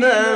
بما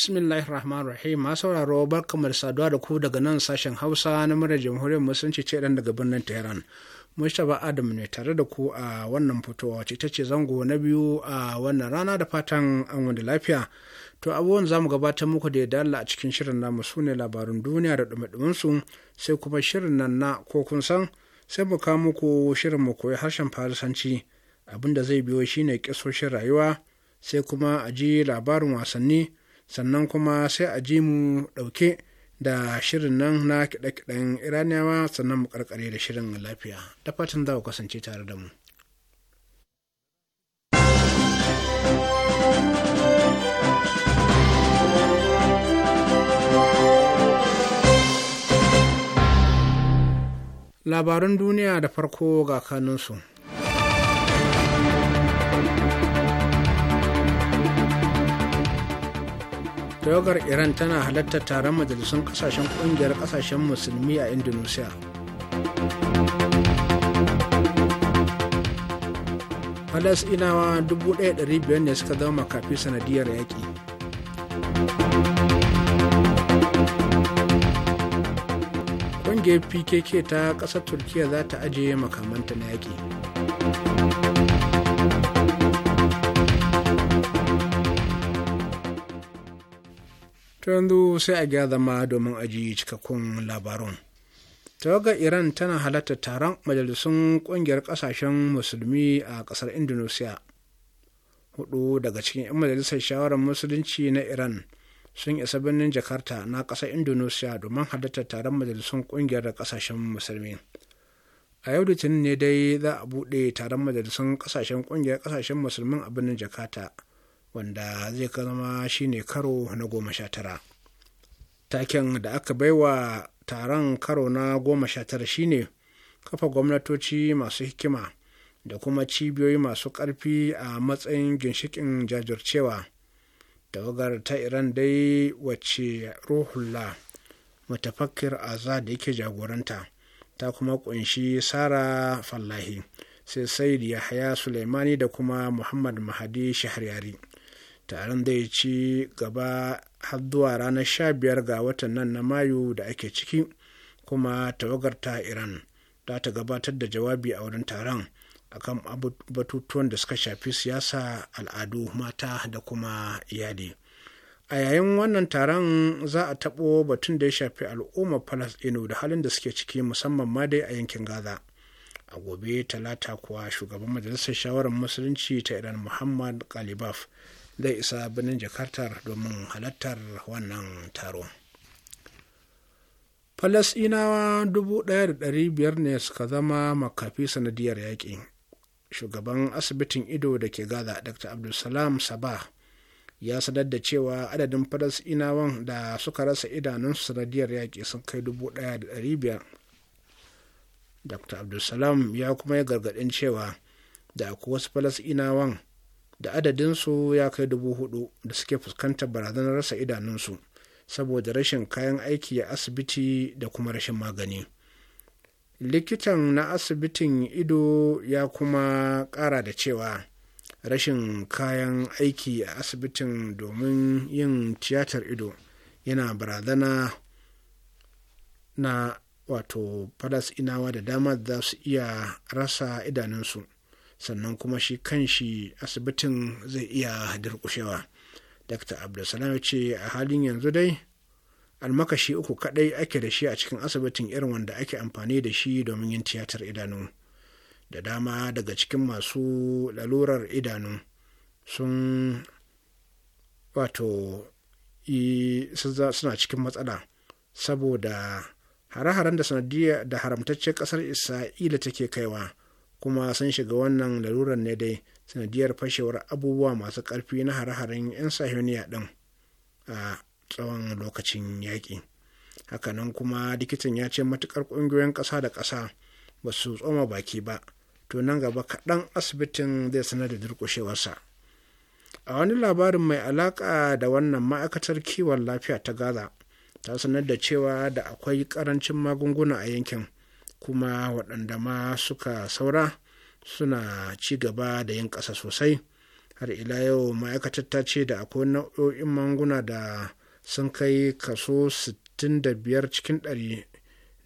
bismillahir rahmanir rahim ma sauraro barkamu da saduwa da ku daga nan sashen hausa na murar jamhuriyar musulunci ce dan daga birnin tehran mustapha adam ne tare da ku a wannan fitowa ce ta ce zango na biyu a wannan rana da fatan an wani lafiya to abubuwan zamu gabatar muku da ya Allah a cikin shirin na su ne labarun duniya da dumadumin su sai kuma shirin nan na ko kun san sai mu kawo muku shirin mu koyi harshen farisanci abinda zai biyo shine kisoshin rayuwa sai kuma a ji labarin wasanni sannan kuma sai a ji mu ɗauke da shirin nan na kiɗe-kiɗen iraniyawa sannan mu karkare da shirin lafiya da fatan za ku kasance tare da mu labarun duniya da farko ga kanunsu tawagar iran tana halartar taron majalisun kasashen kungiyar kasashen musulmi a indonesia falasinawa 1,500 ne suka zama makafi sanadiyar yaƙi ƙungiyar pkk ta ƙasar turkiya za ta ajiye makamanta na yaƙi ta yanzu sai a gyara zama domin ji cikakkun labarun tawagar iran tana halatta taron majalisun kungiyar kasashen musulmi a kasar indonesia hudu daga cikin 'yan majalisar shawarar musulunci na iran sun isa birnin jakarta na kasar indonesia domin halartar taron majalisun kungiyar kasashen musulmi a yau litinin ne dai za a buɗe taron majalisun kasashen kungiyar kasashen musulmin a birnin jakarta wanda zai shi shine karo na goma sha tara taken da aka baiwa taron karo na goma sha tara shine kafa gwamnatoci masu hikima da kuma cibiyoyi masu ƙarfi a matsayin ginshikin jajircewa tawagar ta iran dai wacce ruhullah mutafakkir da yake jagoranta ta kuma kunshi sara fallahi sai said yahaya sulaimani da kuma muhammad mahadi shahriyari taron zai ci gaba har zuwa ranar 15 ga watan nan na mayu da ake ciki kuma tawagar ta iran za ta gabatar da jawabi a wurin taron a kan batutuwan da suka shafi siyasa al'adu mata da kuma iyali a yayin wannan taron za a tabo batun da ya shafi al'ummar falasɗinu da halin da suke ciki musamman ma dai a yankin gaza a gobe talata kuwa shugaban majalisar shawarar musulunci ta iran muhammad kalibaf zai isa birnin jakartar domin halartar wannan taro falasinawa 1,500 ne suka zama makafi sanadiyar yaƙi shugaban asibitin ido da ke gaza dr abdulsalam sabah ya sanar da cewa adadin falasinawan da suka rasa idanunsu sanadiyar yaƙi sun kai 1,500 dr abdulsalam ya kuma ya gargaɗin cewa da akwai wasu falasinawan da adadinsu ya kai dubu hudu da suke fuskantar barazanar rasa idanunsu saboda rashin kayan aiki a asibiti da kuma rashin magani likitan na asibitin ido ya kuma kara da cewa rashin kayan aiki a asibitin domin yin tiyatar ido yana barazana na wato inawa da dama za su iya rasa idanunsu sannan kuma shi kan shi asibitin zai iya durkushewa dr abdulsalam ce a halin yanzu dai almakashi uku kadai ake da shi a cikin asibitin irin wanda ake amfani da shi domin yin tiyatar idanu da dama daga cikin masu lalurar idanu sun wato suna cikin matsala saboda hare-haren da sanadiyya da haramtaccen kasar isra'ila take kaiwa kuma sun shiga wannan larurar ne dai sanadiyar fashewar abubuwa masu ƙarfi na hare-haren 'yan sahiyoniya ɗin a tsawon lokacin yaƙi hakanan kuma likitan ya ce matuƙar ƙungiyoyin ƙasa da ƙasa ba su tsoma baki ba to nan gaba kaɗan asibitin zai sanar da durƙushewarsa a wani labarin mai alaƙa da wannan ma'aikatar kiwon lafiya ta gaza ta sanar da cewa da akwai ƙarancin magunguna a yankin kuma waɗanda ma suka saura suna ci gaba da yin ƙasa sosai har ila yau ma'aikatar ta ce da akwai nau'o'in manguna da sun kai kaso 65 cikin ɗari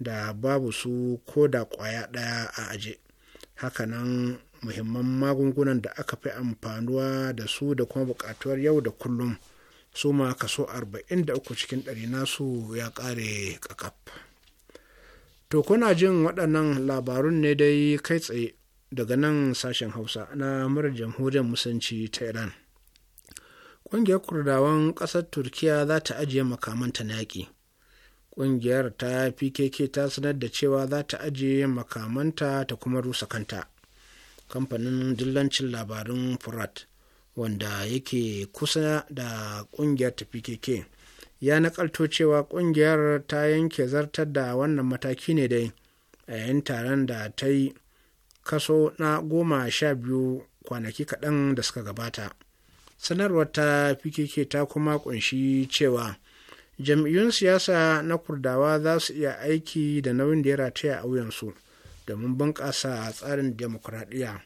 da babu su ko da ƙwaya ɗaya a aje hakanan muhimman magungunan da aka fi amfanuwa da su da kuma buƙatuwar yau da kullum su ma kaso 43 cikin ɗari nasu ya ƙare ƙaƙaf. To kuna jin waɗannan labarun ne dai kai tsaye daga nan sashen Hausa na mara jamhuriyar musanci ta Iran. Ƙungiyar Kurdawan ƙasar Turkiya za ta ajiye makamanta na yaƙi. Ƙungiyar ta PKK ta sanar da cewa za ta ajiye makamanta ta kuma rusa kanta. Kamfanin dillancin labarun Furat wanda yake kusa da ƙungiyar ta PKK ya nakalto cewa kungiyar ta yanke zartar da wannan mataki ne dai a yayin taron da ta yi kaso na goma sha biyu kwanaki kaɗan da suka gabata sanarwar ta pkk ta kuma kunshi cewa jam'iyyun siyasa na kurdawa za su iya aiki da nauyin da ya rataya a wuyansu domin bunƙasa tsarin demokuraɗiyya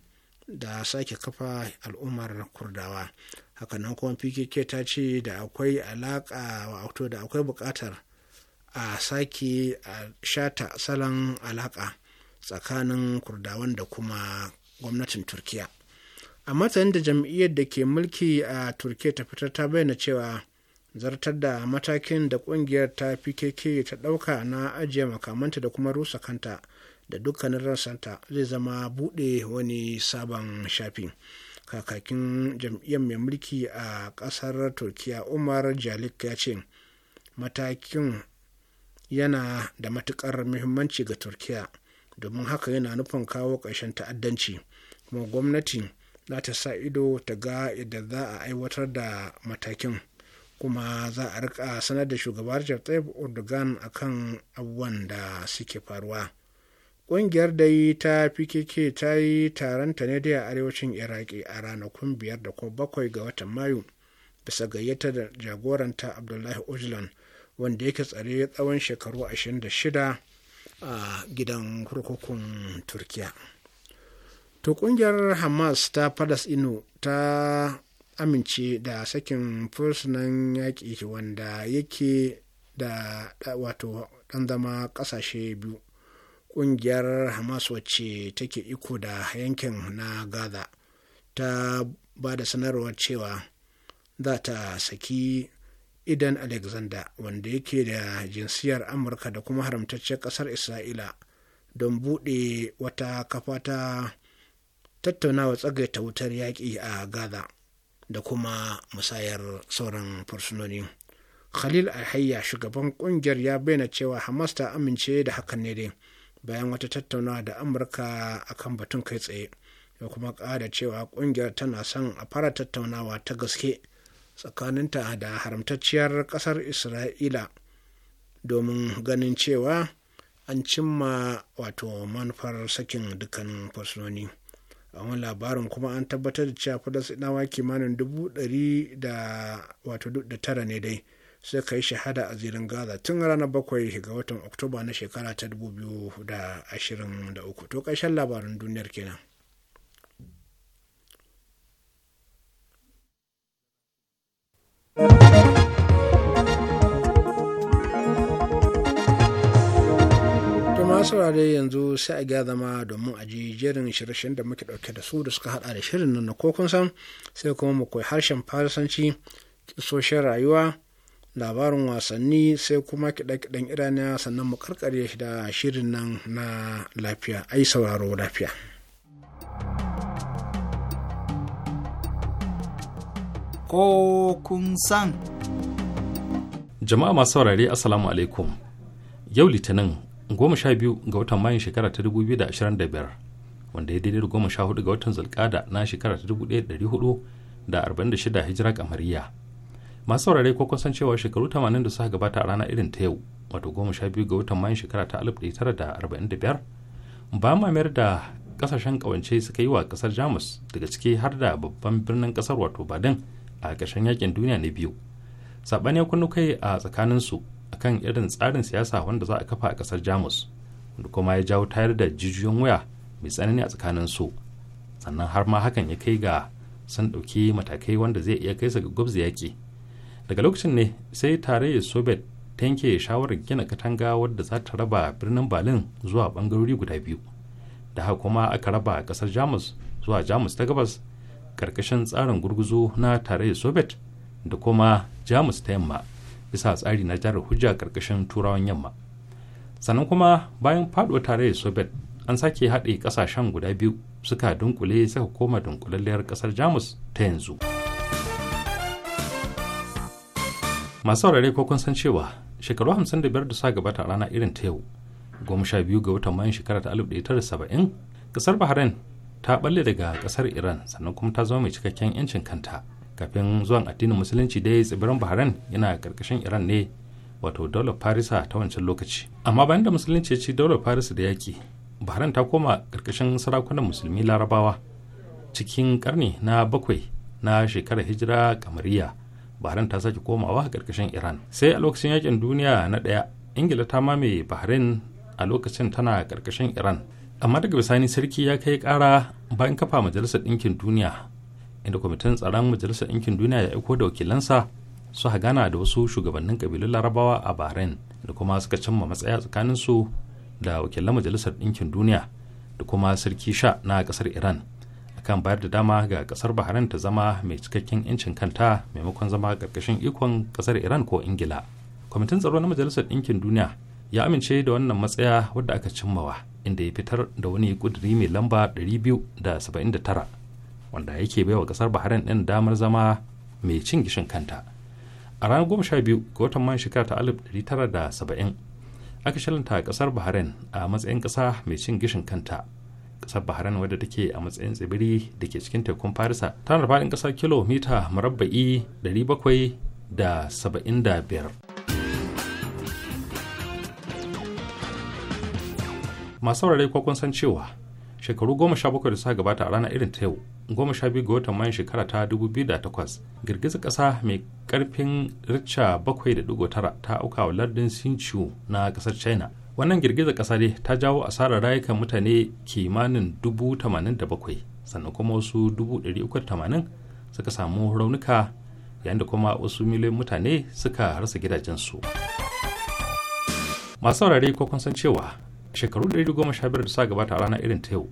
da sake kafa al'ummar kurdawa hakanan kuma pkk ta ce da akwai alaka wato da akwai bukatar a sake a shata salon alaka tsakanin kurdawan da kuma gwamnatin turkiya a matsayin da jam'iyyar da ke mulki a turkiya ta fitar ta bayyana cewa zartar da matakin da kungiyar ta pkk ta dauka na ajiye makamanta da kuma rusa kanta da dukkanin rassanta zai zama bude wani sabon shafi. kakakin jam'iyyar mai mulki a ƙasar turkiya umar jalik ya ce matakin yana da matukar muhimmanci ga turkiya domin haka yana nufin kawo ƙarshen ta'addanci kuma gwamnati za ta sa ido ta ga idan za a aiwatar da matakin kuma za a rika sanar da shugabar jartsayib erdogan akan abubuwan da suke faruwa ƙungiyar yi ta pkk ta yi taronta ne dai a arewacin iraki a ranakun biyar da ko bakwai ga watan mayu bisa gayyata da jagoranta abdullahi ojlan wanda yake tsare tsawon shekaru 26 a gidan kurkukun turkiya to ƙungiyar hamas ta fadas ino ta amince da sakin fursunan yaƙi wanda yake da wato ɗan zama ƙasashe biyu ƙungiyar hamas wacce take iko da yankin na gaza ta ba da sanarwar cewa za ta saki idan alexander wanda yake da jinsiyar amurka da kuma haramtaccen ƙasar isra'ila don buɗe wata kafa ta tattaunawa tsagaita wutar yaƙi a gaza da kuma musayar sauran fursunoni khalil alhayya shugaban ƙungiyar ya bayyana cewa hamas ta amince da hakan ne dai bayan wata tattaunawa da amurka akan batun kai tsaye ya kuma ƙara cewa ƙungiyar tana son a fara tattaunawa ta gaske tsakaninta da haramtacciyar ƙasar isra'ila domin ganin cewa an cimma wato manufar sakin dukkan fursunoni a wani labarin kuma an tabbatar da cewa falasɗinawa kimanin dubu ɗari da wato duk da tara ne dai suka yi shahada a zirin gaza tun ranar bakwai ga watan oktoba na shekara ta 2023 to ƙarshen labarin duniyar kenan saurare yanzu sai a gya zama domin a ji jerin shirye da muke dauke da su da suka hada da shirin nan na kokun san sai kuma mu koyi harshen farisanci kisoshin rayuwa labarin wasanni sai kuma kiɗe-kiɗen iraniya sannan mu karkare shi da shirin nan na lafiya ai sauraro lafiya ko kun san jama'a masu saurare assalamu alaikum yau litinin goma sha biyu ga watan mayun shekara ta 2025 wanda ya daidai da goma sha hudu ga watan zulkada na shekara ta 1446 hijira kamariya masu saurare ko kusan cewa shekaru 80 da suka gabata a rana irin ta yau wato goma sha biyu ga watan mayun shekara ta 1945 ba mamayar da kasashen kawance suka yi wa kasar jamus daga ciki har da babban birnin kasar wato badin a ƙarshen yakin duniya na biyu saɓani kunu kai a tsakanin tsakaninsu akan irin tsarin siyasa wanda za a kafa a kasar jamus wanda kuma ya jawo tayar da jijiyoyin waya mai tsanani a tsakanin su sannan har ma hakan ya kai ga sun ɗauki matakai wanda zai iya kai su ga gwabza yaƙi daga lokacin ne sai tarayyar soviet ta yanke shawarar gina katanga wadda za ta raba birnin berlin zuwa bangarori guda biyu da haka kuma aka raba kasar jamus zuwa jamus ta gabas karkashin tsarin gurguzu na tarayyar soviet da kuma jamus ta yamma bisa tsari na jarar hujja karkashin turawan yamma sannan kuma bayan faduwar tarayyar soviet an sake haɗe ƙasashen guda biyu suka dunkule suka koma dunkulalliyar ƙasar jamus ta yanzu. masu saurare ko kun san cewa shekaru 55 da sa gabata a rana irin ta yau goma sha biyu ga watan mayan shekara ta 1970 kasar bahrain ta balle daga kasar iran sannan kuma ta zama mai cikakken yancin kanta kafin zuwan addinin musulunci dai tsibirin bahrain yana karkashin iran ne wato daular farisa ta wancan lokaci amma bayan da musulunci ya ci daular farisa da yaki bahrain ta koma karkashin sarakunan musulmi larabawa cikin karni na bakwai na shekarar hijira kamariya bahrain ta sake komawa ƙarƙashin iran sai a lokacin yakin duniya na ɗaya ingila ta mamaye bahrain a lokacin tana karkashin iran amma daga bisani sarki ya kai kara bayan kafa majalisar ɗinkin duniya inda kwamitin tsaron majalisar ɗinkin duniya ya aiko da wakilansa su gana da wasu shugabannin kabilun larabawa a bahrain da kuma suka cimma matsaya tsakaninsu da wakilan majalisar ɗinkin duniya da kuma sarki sha na ƙasar iran kan bayar da dama ga kasar bahrain ta zama mai cikakken 'yancin kanta maimakon zama ƙarƙashin ikon kasar iran ko ingila kwamitin tsaro na majalisar ɗinkin duniya ya amince da wannan matsaya wadda aka cimmawa inda ya fitar da wani ƙuduri mai lamba 279 wanda yake baiwa kasar bahrain ɗin damar zama mai cin gishin kanta a ranar 12 ga watan man shekara ta 1970 aka shalanta kasar bahrain a matsayin ƙasa mai cin gishin kanta kasar bahrain wadda take a matsayin tsibiri da ke cikin tekun farisa tana da faɗin ƙasa kilomita murabba'i 775 masu saurare ko kun san cewa shekaru goma sha bakwai da suka gabata a ranar irin ta yau goma sha biyu ga watan mayan shekara ta dubu girgizar ƙasa mai karfin richa bakwai da digo tara ta auka wa lardin sinchu na ƙasar china wannan girgizar kasa dai ta jawo asarar rayukan mutane kimanin dubu sannan kuma wasu dubu suka samu raunuka yayin da kuma wasu miliyan mutane suka rasa gidajensu masu saurare ko kun san cewa shekaru 115 da suka gabata a ranar irin ta yau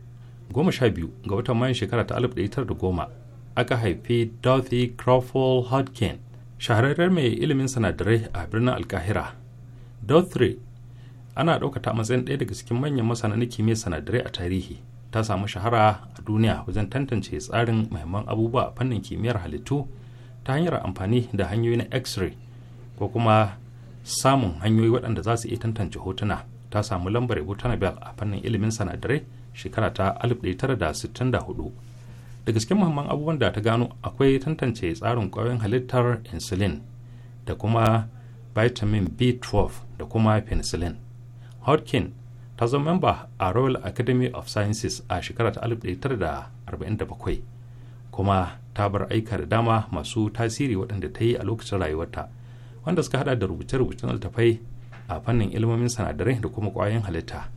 goma ga watan mayun shekara ta alif goma aka haifi Dorothy Crawford Hodgkin shahararren mai ilimin sanadarai a birnin Alkahira. Dothre ana ɗaukata matsayin ɗaya daga cikin manyan masana na kimiyyar sanadarai a tarihi ta samu shahara a duniya wajen tantance tsarin mahimman abubuwa a fannin kimiyyar halittu ta hanyar amfani da hanyoyi na x-ray ko kuma samun hanyoyi waɗanda za su iya tantance hotuna ta samu lambar yabo ta nobel a fannin ilimin sanadarai shekara ta 1964 daga cikin muhimman abubuwan da ta gano akwai tantance tsarin ƙwayoyin halittar insulin da kuma vitamin b12 da kuma penicillin hodkin ta zama memba a royal academy of sciences a shekara ta 1947 kuma ta bar aika da dama masu tasiri waɗanda ta yi a lokacin rayuwarta wanda suka hada da rubuce-rubucen littafai a fannin ilmomin sanadarai da kuma ƙwayoyin halitta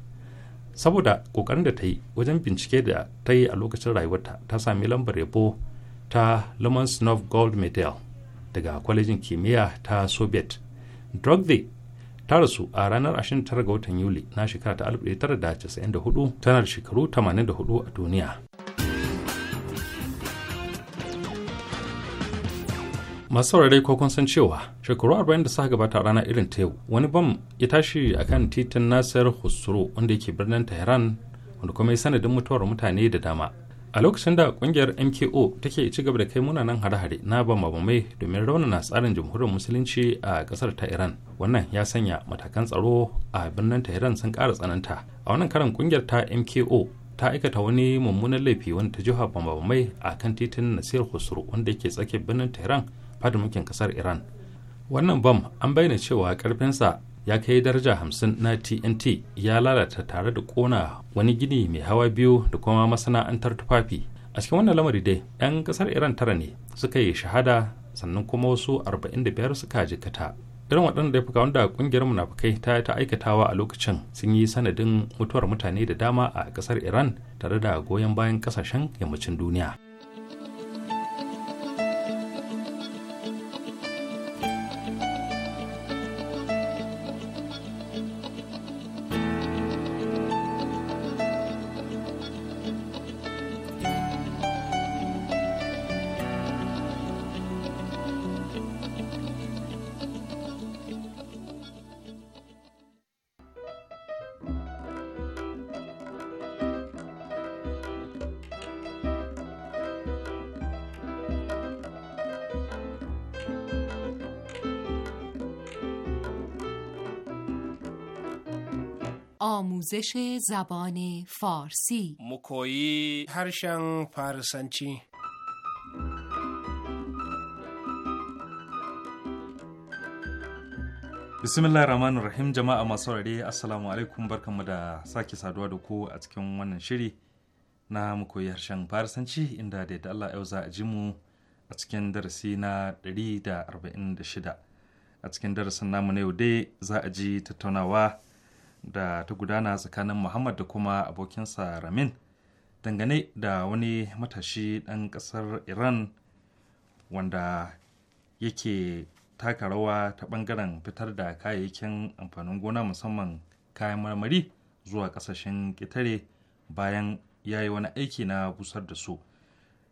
saboda ƙoƙarin da ta yi wajen bincike da ta yi a lokacin rayuwarta ta sami lambar yabo ta Lomonosov Gold Medal daga kwalejin kimiyya ta Soviet. Drogde ta rasu a ranar 29 ga watan yuli na shekara ta 1994 tana da shekaru 84 a duniya masu saurari ko kun san cewa shekaru 40 da suka gabata rana irin ta yau wani bam ya tashi akan titin nasir husro wanda yake birnin tehran wanda kuma ya sanadin mutuwar mutane da dama a lokacin da kungiyar mko take ci gaba da kai munanan hare-hare na bambamai domin raunana tsarin jamhuriyar musulunci a kasar ta iran wannan ya sanya matakan tsaro a birnin tehran sun kara tsananta a wannan karan kungiyar ta mko ta aikata wani mummunan laifi wanda ta jiha bambamai a kan titin nasir husru wanda yake tsake birnin tehran fadimukin kasar iran wannan bam an bayyana cewa karfinsa ya kai daraja 50 na TNT ya lalata tare da kona wani gini mai hawa biyu da kuma masana'antar tufafi. A cikin wannan lamari dai 'yan kasar Iran tara ne suka yi shahada sannan kuma wasu 45 suka jikata. Irin waɗanda fuka wanda ƙungiyar munafukai ta ta aikatawa a lokacin sun yi sanadin mutuwar mutane da dama a ƙasar Iran tare da goyon bayan ƙasashen yammacin duniya. آموزش زبان فارسی harshen هرشن فارسنچی bismillah rahman rahim jama'a masu saurare assalamu alaikum barkanmu da sake saduwa da ku a cikin wannan shiri na mu koyi harshen farisanci inda da yadda allah yau za a ji mu a cikin darasi na shida. a cikin darasin namu na yau dai za a ji tattaunawa da ta gudana tsakanin muhammad da kuma abokinsa ramin dangane da wani matashi ɗan ƙasar iran wanda yake taka rawa ta ɓangaren fitar da kayayyakin amfanin gona musamman kayan marmari zuwa ƙasashen ƙetare bayan ya yi wani aiki na busar da su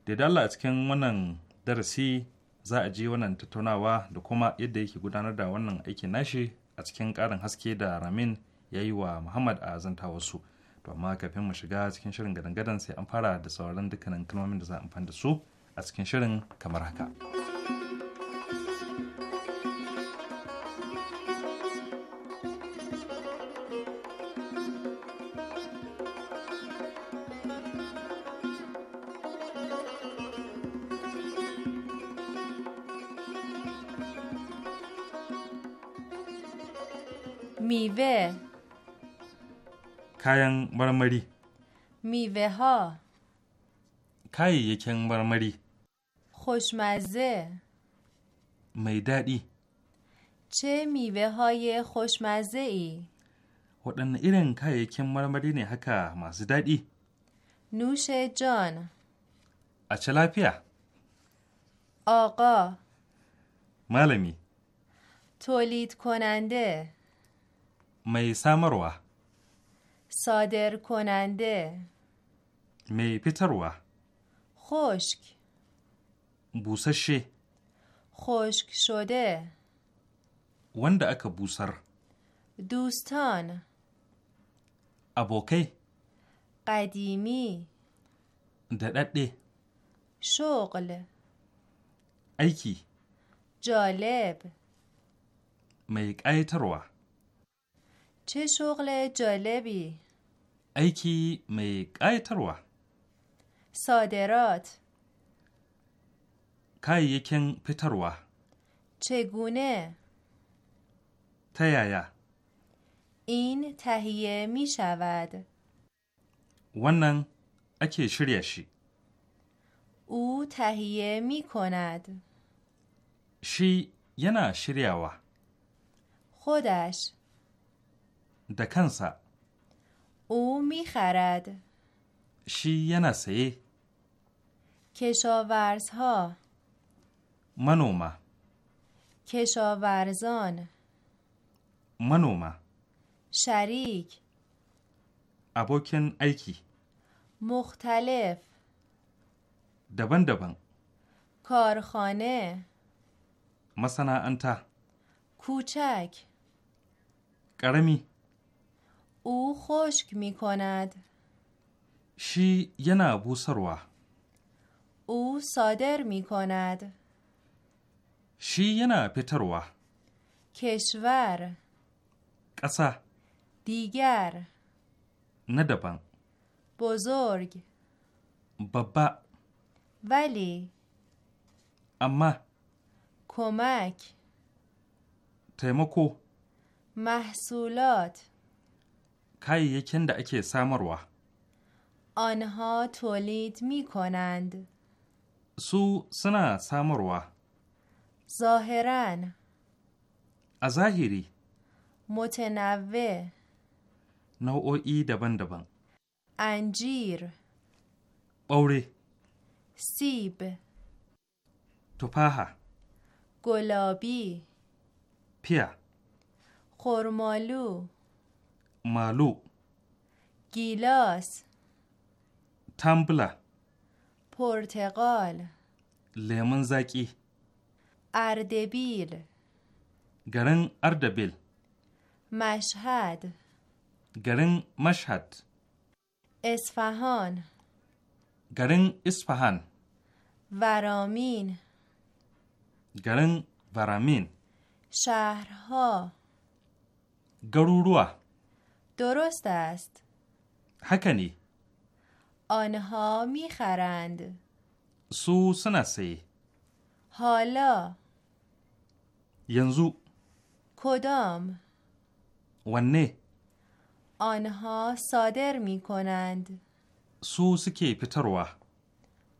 daidala a cikin wannan darasi za a je wannan tattaunawa da kuma yadda yake gudanar da wannan aikin nashi a cikin ƙarin haske da ramin ya yi wa muhammad a zanta wasu to amma kafin mu shiga cikin shirin gadan-gadan sai an fara da sauran dukkanin kalmomin da za a amfani da su a cikin shirin kamar haka. کاین برمری میوهها کای یکیان برمری خوشمزه میدادی چه میوههای خوشمزهایی و دن ایران کای یکیان برمری نه هکا مازیدادی نوشه جان آتشلای پیا آقا معلمی تولید کننده می سامروا صادر کننده می پیتروا خشک بوسشی خشک شده ونده اک بوسر دوستان ابوکی قدیمی ددده شغل ایکی جالب می ایتروا چه شغل جالبی ایکی aiki mai ƙayatarwa صادرات کاییکن پتروا چگونه تیایا این تهیه می شود ونن اکی شریشی او تهیه می کند شی ینا شریاوا خودش دکنسا او میخرد خرد شیه نسی کشاورز ها منوما کشاورزان منوما شریک ابوکن ایکی مختلف دبن دبن کارخانه مثلا انتا کوچک قرمی او خشک می کند شی ینا بوسروا او صادر می کند شی ینا پتروا کشور قصه دیگر ندبن بزرگ بابا ولی اما کمک تمکو محصولات کاییکن دا اکی سامروا آنها تولید می کنند سو سنا سامروا ظاهرا ظاهری متنوع نوعی دبن دبن انجیر باوری سیب توپاها گلابی پیا خرمالو مالو گیلاس تمبلا پرتقال لیمون زکی اردبیل گرن اردبیل مشهد گرن مشهد اصفهان گرن اصفهان ورامین گرن ورامین شهرها گروروه درست است هکنی آنها میخرند سو سنسی حالا ینزو کدام ونه آنها صادر می کنند سو سکی پتروا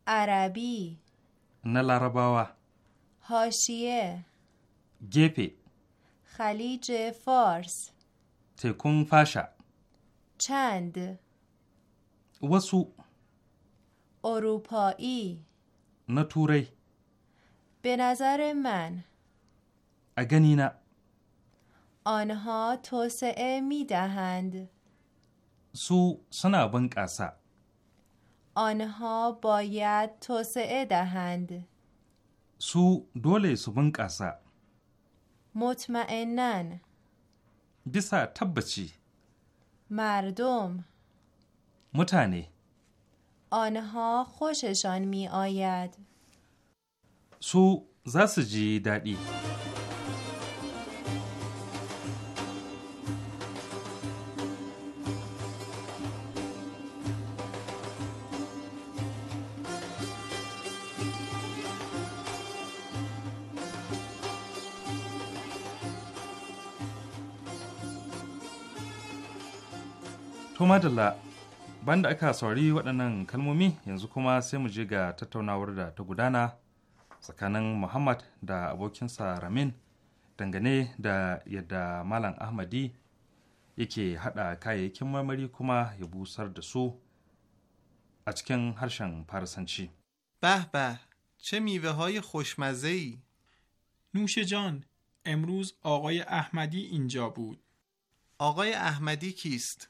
عربی عرباوا هاشیه گپی خلیج فارس تکون فاشا چند وسو اروپایی نتوری به نظر من اگنینا آنها توسعه می دهند سو سنا بنکاسا آنها باید توسعه دهند سو دوله سو بنکاسا مطمئنن بیسا تبچی مردم متانه آنها خوششان می آید سو زسجی دادی To madalla banda aka saurari waɗannan kalmomi yanzu kuma sai mu je ga tattaunawar da ta gudana tsakanin Muhammad da abokinsa Ramin dangane da yadda Malam Ahmadi yake haɗa kayayyakin marmari kuma ya busar da su a cikin harshen Farisanci. به به چه میوه های خوشمزه ای نوش جان امروز آقای احمدی اینجا بود آقای احمدی کیست؟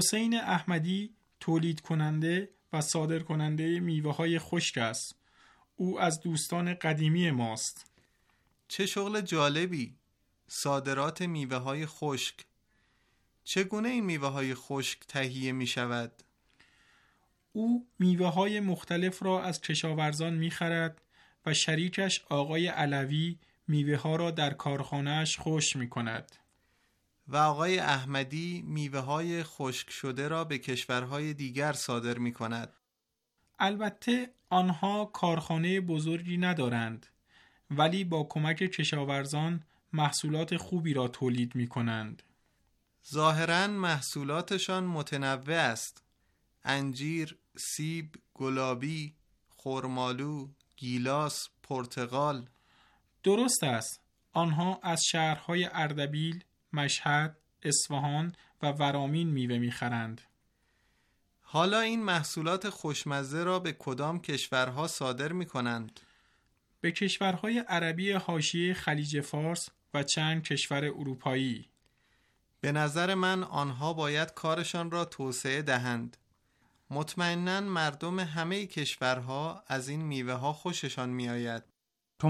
حسین احمدی تولید کننده و صادر کننده میوه های خشک است. او از دوستان قدیمی ماست. چه شغل جالبی! صادرات میوه های خشک چگونه این میوه های خشک تهیه می شود؟ او میوه های مختلف را از کشاورزان می خرد و شریکش آقای علوی میوه ها را در کارخانهش خوش می کند. و آقای احمدی میوه های خشک شده را به کشورهای دیگر صادر می کند. البته آنها کارخانه بزرگی ندارند ولی با کمک کشاورزان محصولات خوبی را تولید می کنند. ظاهرا محصولاتشان متنوع است. انجیر، سیب، گلابی، خرمالو، گیلاس، پرتغال. درست است. آنها از شهرهای اردبیل، مشهد، اصفهان و ورامین میوه میخرند. حالا این محصولات خوشمزه را به کدام کشورها صادر می کنند؟ به کشورهای عربی حاشیه خلیج فارس و چند کشور اروپایی به نظر من آنها باید کارشان را توسعه دهند مطمئنا مردم همه کشورها از این میوه ها خوششان می آید تو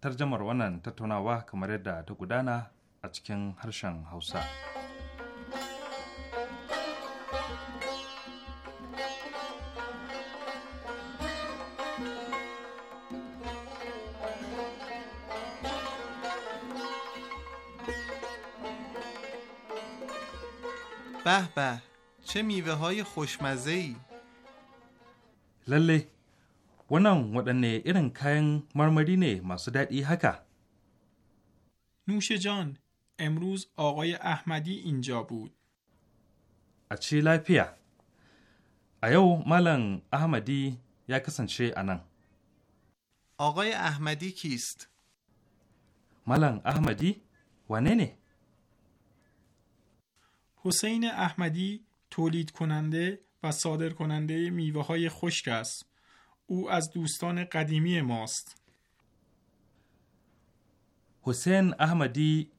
tarjamar wannan tattaunawa kamar yadda ta gudana a cikin harshen Hausa. به به چه میوه های خوشمزه ای لله wannan waɗanne irin kayan marmari ne masu daɗi haka نوشه جان امروز آقای احمدی اینجا بود اچی لایپیا ایو مالن احمدی یا کسنچه انن آقای احمدی کیست؟ مالن احمدی و حسین احمدی تولید کننده و صادر کننده میوه های خشک است او از دوستان قدیمی ماست حسین احمدی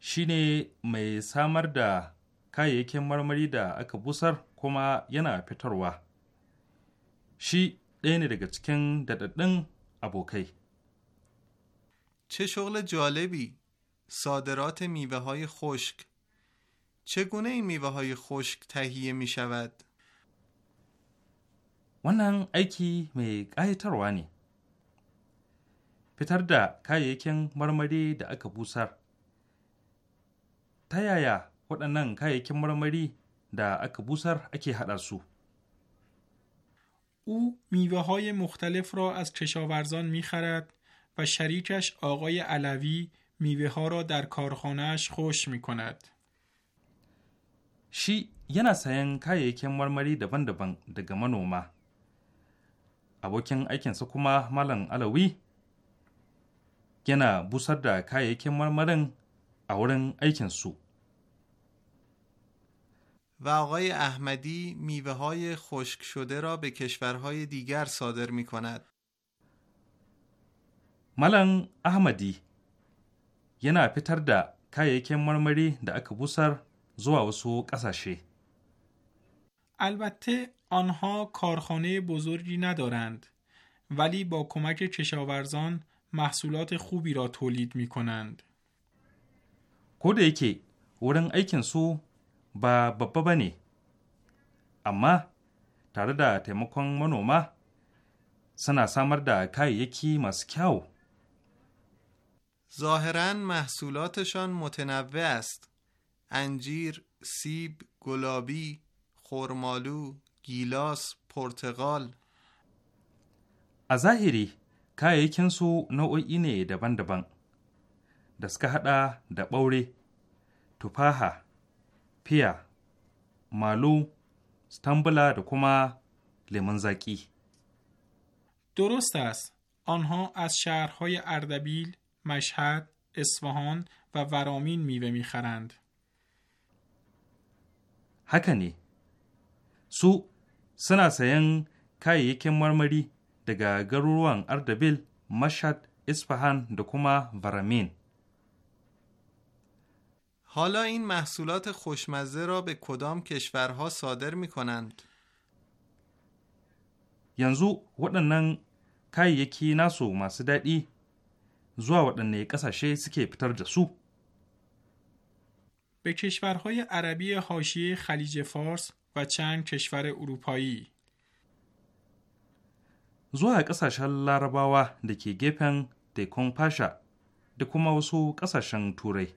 شینه می samar da مرمری دا da aka busar kuma yana fitarwa شی ɗaya ne daga cikin daɗaɗɗun چه شغل جالبی صادرات میوه های خشک چگونه این میوه های خشک تهیه می شود؟ wannan aiki mai ƙayatarwa ne fitar da kayayyakin marmari da aka busar ta yaya waɗannan kayayyakin marmari da aka busar ake haɗa su او میوه های مختلف را از کشاورزان می خرد و شریکش آقای علوی میوه ها را در کارخانهش خوش می کند. شی یه نساین که یکی مرمری دبن دبن دگه منوما abokin aikinsa kuma malam alawi yana busar da kayayyakin marmarin a wurin aikinsu و آقای احمدی میوه های خشک شده را به کشورهای دیگر صادر می کند. ملن احمدی ینا نفتر دا کایی مرمری دا اکبوسر زوا وسو البته آنها کارخانه بزرگی ندارند ولی با کمک کشاورزان محصولات خوبی را تولید می کنند. کده یکی ورن ایکن سو با بابا بنی اما دا da مکان ما سنا سامر دا کای یکی kyau. ظاهرا محصولاتشان متنوع است انجیر، سیب، گلابی، خرمالو، گیلاس پرتغال A zahiri, kayayyakinsu nau'o'i ne daban-daban, da suka haɗa da ɓaure, tufaha, fiya, malu, stambula da kuma درست است. آنها از شهرهای اردبیل، مشهد، اصفهان و ورامین میوه میخرند. هکنی سو suna sayan kayayyakin marmari daga garuruwan Ardabil, Mashhad, Isfahan da kuma Baramin. حالا این محصولات خوشمزه را به کدام کشورها صادر می کنند؟ ینزو ودنن کای یکی ناسو ماسو دادی زوا ودنه کساشه سکه پتر جسو به کشورهای عربی حاشیه خلیج فارس و چند کشور اروپایی zuwa ƙasashen larabawa da ke gefen tekun fasha da kuma wasu ƙasashen turai.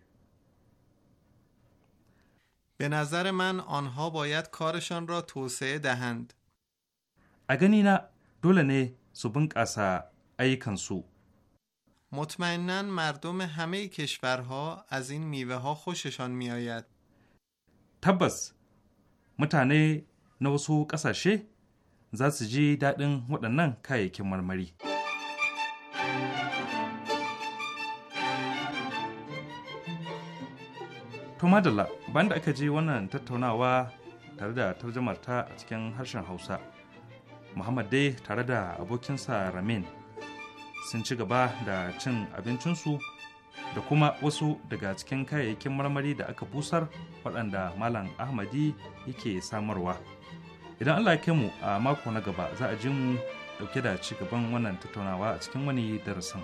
به نظر من آنها باید کارشان را توسعه دهند. اگنی نه دول نه سبن ای کنسو. مطمئنا مردم همه کشورها از این میوه ها خوششان میآید. تبس mutane na wasu ƙasashe za su ji daɗin waɗannan kayayyakin marmari. tomadala bayan da aka je wannan tattaunawa tare da tarjamarta a cikin harshen Hausa, Muhammad dai tare da abokinsa Ramin sun ci gaba da cin abincinsu da kuma wasu daga cikin kayayyakin marmari da aka busar waɗanda malam ahmadi yake samarwa idan allah ya mu a mako na gaba za a ji mu ɗauke da ci gaban wannan tattaunawa a cikin wani darasin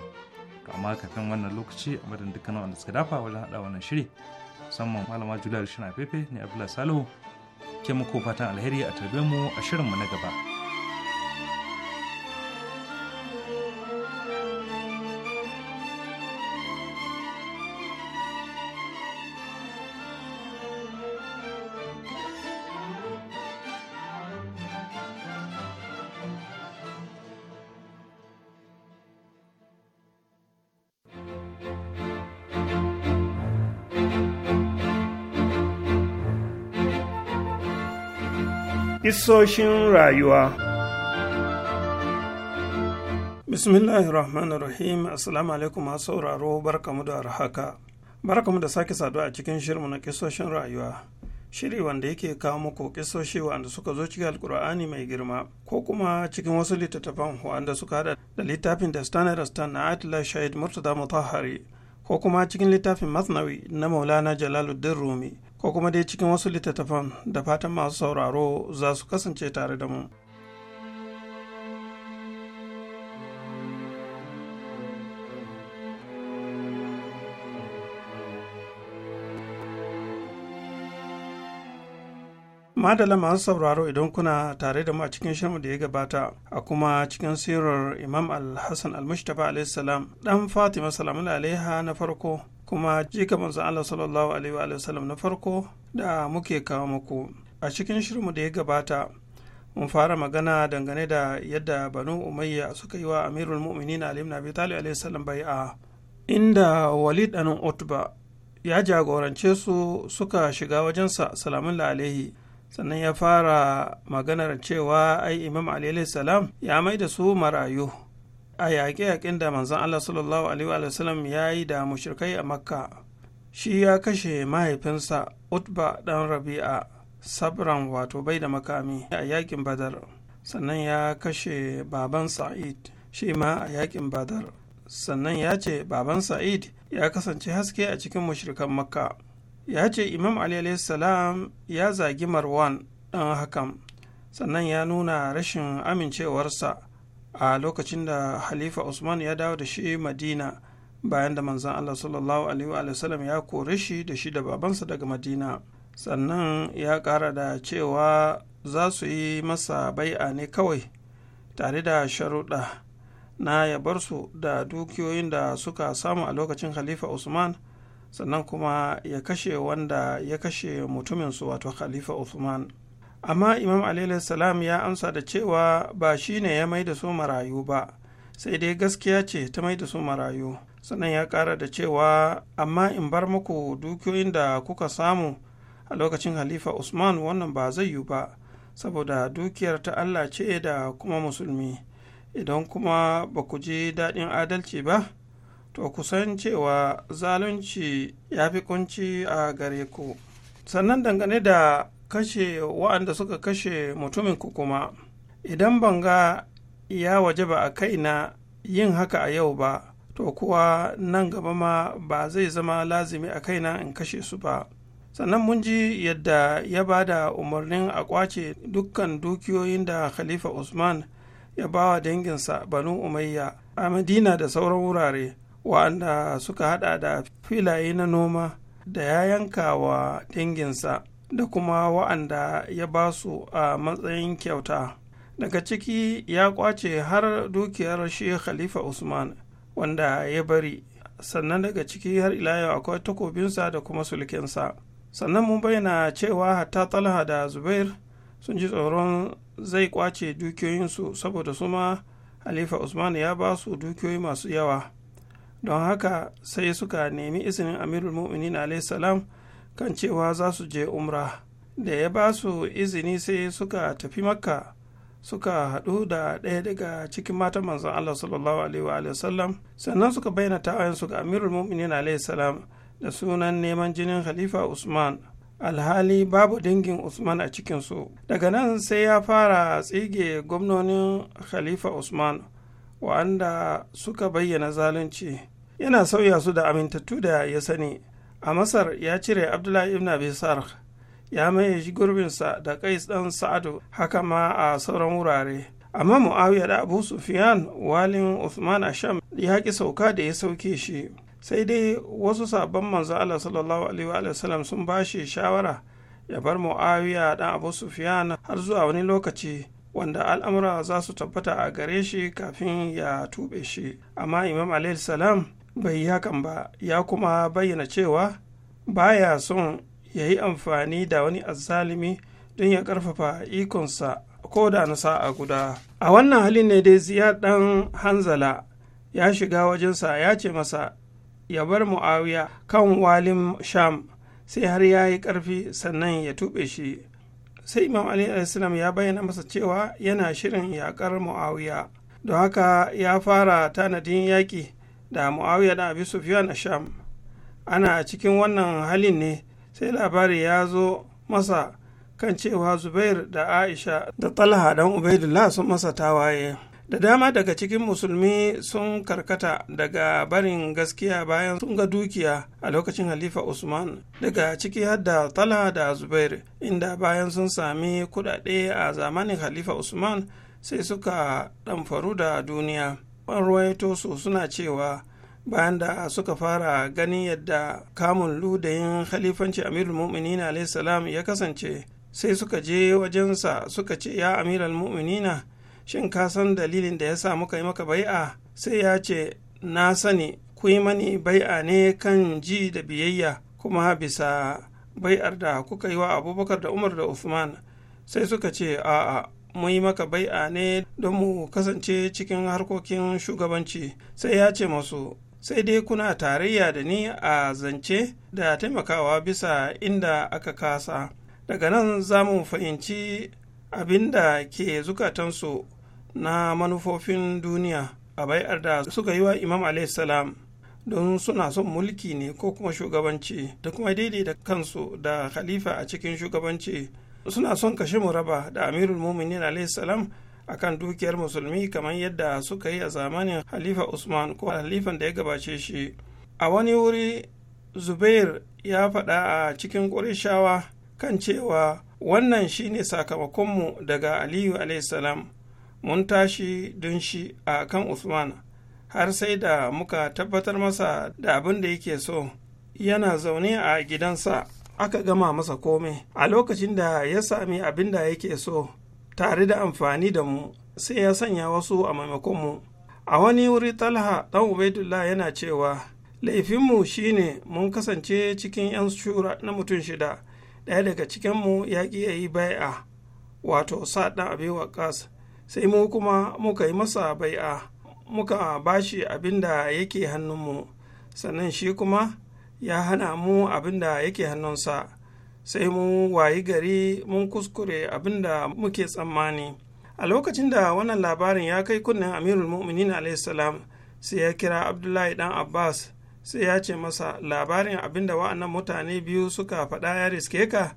to amma kafin wannan lokaci a madadin dukkan wanda suka dafa wajen haɗa wannan shiri musamman malama julia shina fefe ne abdullahi salihu ke muku fatan alheri a tarbe mu a shirin mu na gaba. Isoshin rayuwa Bismillahir Rahmanir Rahim Assalamu alaikum masu sauraro barkamu da haka. Barkamu da sake saduwa a cikin shirmu na kisoshin rayuwa. Shiri wanda yake kawo muku kisoshi wanda suka zo cikin Alkur'ani mai girma ko kuma cikin wasu littattafan wanda suka hada da littafin da Stan stand" na Atila Shahid Murtada Mutahari ko kuma cikin littafin Masnawi na Maulana Jalaluddin Rumi ko kuma dai cikin wasu littattafan da fatan masu sauraro za su kasance tare da mu. madala masu sauraro idan kuna tare da mu a cikin shirmu da ya gabata a kuma cikin sirar imam al-hassan al-mustapha salam dan fatima salamun alaiha na farko kuma jika manzon Allah sallallahu alaihi wa sallam na farko da muke kawo muku a cikin shirinmu da ya gabata mun fara magana dangane da yadda banu umayya suka yi wa amirul mu'minin ali ibn abi talib alaihi bai a inda walid dan utba ya jagorance su suka shiga wajensa salamun alaihi sannan ya fara maganar cewa ai imam ali alaihi salam ya mai da su marayu a yaƙe-yaƙen da manzon Allah sallallahu alaihi wa ya yi da mushrikai a makka shi ya kashe mahaifinsa utba ɗan rabi'a sabran wato bai da makami a yaƙin badar sannan ya kashe baban sa'id shi ma a yaƙin badar sannan ya ce baban sa'id ya kasance haske a cikin mushrikan makka ya ce imam ali salam ya zagi marwan ɗan hakan sannan ya nuna rashin amincewarsa a lokacin da halifa usman ya dawo da shi madina bayan da manzan allah sallallahu alaihi wa sallam ya kore shi da shi da babansa daga madina sannan ya kara da cewa za su yi masa bai'a ne kawai tare da sharuɗa na ya bar su da dukiyoyin da suka samu a lokacin halifa usman sannan kuma ya kashe wanda ya kashe mutuminsu wato khalifa Usman. amma imam salam ya amsa da cewa ba shi ne ya mai da su marayu ba sai dai gaskiya ce ta mai da su marayu sannan ya kara da cewa amma in bar muku dukiyoyin da kuka samu a lokacin halifa usman wannan ba zai yiwu ba saboda dukiyar ta allah ce da kuma musulmi idan kuma ba ku ji daɗin adalci ba to kusan cewa zalunci ya fi kunci a gare ku sannan dangane da kashe wa'anda suka kashe mutumin ku kuma idan ban ga ya waje ba a kai na yin haka a yau ba to kuwa nan gaba ma ba zai zama lazimi a kaina in kashe su ba sannan mun ji yadda ya ba da umarnin a kwace dukkan dukiyoyin da khalifa usman ya ba wa danginsa banu umayya a madina da sauran wurare wa'anda suka hada da filaye na noma da ya yanka wa danginsa da kuma wa'anda ya ba su a matsayin kyauta daga ciki ya kwace har dukiyar shi khalifa usman wanda ya bari sannan daga ciki har ila yau akwai takobinsa da kuma sulkinsa sannan mun bayyana cewa hatta talha da zubair sun ji tsoron zai kwace dukiyoyinsu saboda su ma halifa usman ya ba su dukiyoyi masu yawa don haka sai suka nemi izinin amirul mu'minin salam kan cewa za su je umra da ya ba su izini sai suka tafi makka suka haɗu da ɗaya daga cikin matan manzon Allah sallallahu alaihi wa sallam sannan suka bayyana su ga Amirul Mu'minin alaihi salam da sunan neman jinin Khalifa Usman alhali babu dangin Usman a cikinsu daga nan sai ya fara tsige gwamnonin Khalifa Usman wa'anda suka bayyana zalunci yana sauya su da amintattu da ya sani a masar ya cire abdullahi ibn abi ya maye shi gurbinsa da kais ɗan sa'adu haka ma a sauran wurare amma muawiya da abu sufyan walin usman asham ya ki sauka da ya sauke shi sai dai wasu sabon manzo allah sallallahu alaihi wa sallam sun bashi shawara ya bar muawiya da abu sufyan har zuwa wani lokaci wanda al'amura za su tabbata a gare shi kafin ya tube shi amma imam alayhi salam bai yi hakan ba ya kuma bayyana cewa baya son ya yi amfani da wani azalimi don ya karfafa ikonsa ko da na sa'a guda a wannan halin ne dai ziyar ɗan hanzala ya shiga wajensa ya ce masa ya bar mu'awiya kan walin sham sai har ya yi ƙarfi sannan ya tuɓe shi sai imam ali alaihissalam ya bayyana masa cewa yana shirin yaƙar mu'awiya don haka ya fara tanadin yaƙi da muawiya da abi sufyan a sham ana cikin wannan halin ne sai labari ya zo masa kan cewa zubair da aisha da talha dan ubaidullah sun masa tawaye da dama daga cikin musulmi sun karkata daga barin gaskiya bayan sun ga dukiya a lokacin halifa usman daga ciki har da talha da zubair inda bayan sun sami kudade a zamanin halifa usman sai suka ɗamfaru da duniya an ruwaito su suna cewa bayan da suka fara ganin yadda kamun ludayin khalifanci amirul mu'minin salam ya kasance sai suka je wajensa suka ce ya amirul mu'minina shin ka san dalilin da ya sa muka yi maka bai'a sai ya ce na sani ku yi mani bai'a ne kan ji da biyayya kuma bisa bai'ar da kuka yi wa abubakar da umar da usman sai suka ce a'a mun yi maka bai'a ne don mu kasance cikin harkokin shugabanci sai ya ce masu sai dai kuna tarayya da ni a zance da taimakawa bisa inda aka kasa daga nan za mu fahimci abin da ke zukatansu na manufofin duniya a bai'ar da suka yi wa imam salam don suna son mulki ne ko kuma shugabanci da kuma daidaita kansu da khalifa a cikin shugabanci suna son kashe mu raba da amirul muminin alaihi salam akan dukiyar musulmi kamar yadda suka yi a zamanin halifa usman ko halifan da ya gabace shi a wani wuri zubair ya faɗa a cikin ƙurishawa kan cewa wannan shine sakamakonmu daga aliyu salam mun tashi don shi a kan usman har sai da muka tabbatar masa da abin da yake so yana zaune a gidansa aka gama masa komai. a lokacin da ya sami abin da yake so tare da amfani da mu sai ya sanya wasu a maimakon mu a wani wuri talha ɗan ubaidullah yana cewa laifinmu shine mun kasance cikin 'yan shura na mutum shida ɗaya daga cikinmu ya ƙi ya yi bai'a wato sa ɗan abewa waƙas sai mu kuma muka yi masa bai'a muka bashi abin da yake hannunmu sannan shi kuma ya hana mu abin da yake hannunsa sai mu wayi gari mun kuskure abin da muke tsammani a lokacin da wannan labarin ya kai kunnen amirul mu'minin salam sai ya kira abdullahi dan abbas sai ya ce masa labarin abin da wa'annan mutane biyu suka faɗa ya riske ka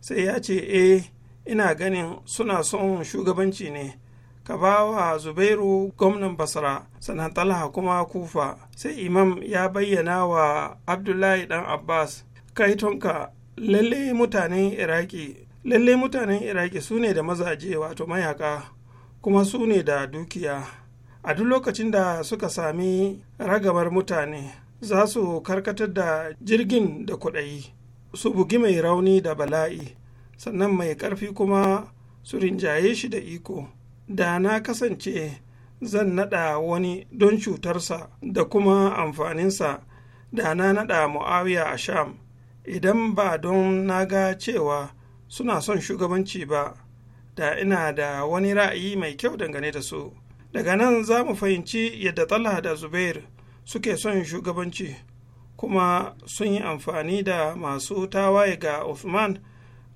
sai ya ce eh ina ganin suna son shugabanci ne ka ba wa zubairu gwamnan basra sannan talha kuma kufa sai imam ya bayyana wa abdullahi dan abbas Kai tonka lalle mutanen iraki lalle mutanen iraki su ne da mazaje wato mayaka kuma su ne da dukiya a duk lokacin da suka sami ragamar mutane za su karkatar da jirgin da kuɗayi su bugi mai rauni da bala'i sannan mai ƙarfi kuma su rinjaye shi da iko da na kasance zan naɗa wani don cutarsa da kuma amfaninsa da na naɗa mu'awiya a sham idan ba don na ga cewa suna son shugabanci ba da ina da wani ra'ayi mai kyau dangane da su daga nan za mu fahimci yadda talha da zubair suke son shugabanci kuma sun yi amfani da masu tawaye ga Usman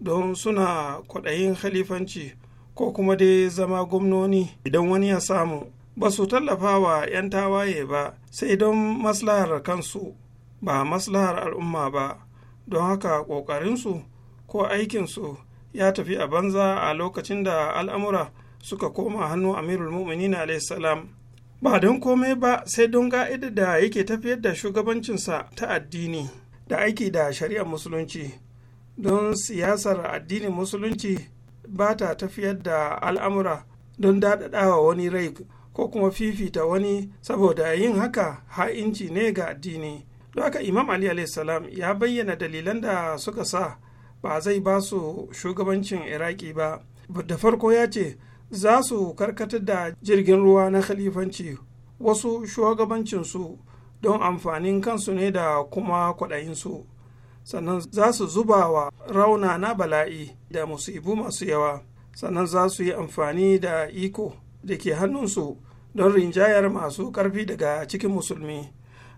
don suna kwaɗayin khalifanci ko kuma dai zama gwamnoni idan wani ya samu ba su tallafa wa 'yan tawaye ba sai don maslahar kansu ba maslahar al'umma ba don haka ƙoƙarinsu ko aikinsu ya tafi a banza a lokacin da al'amura suka koma hannu amirul mu'minin salam ba don komai ba sai don ga'ida da yake tafiyar da shugabancinsa ta addini da aiki da shari'ar musulunci don siyasar addinin musulunci ba ta tafiyar da al'amura don daɗaɗawa wani rai ko kuma fifita wani saboda yin haka ha'inci ne ga addini don haka imam ali salam ya bayyana dalilan da suka sa ba zai ba su shugabancin iraki ba da farko ya ce za su karkatar da jirgin ruwa na khalifanci wasu shugabancinsu don amfanin kansu ne da kuma kwaɗayinsu sannan za su zuba wa rauna na bala'i da musibu masu yawa sannan za su yi amfani da iko da ke hannunsu don rinjayar masu karfi daga cikin musulmi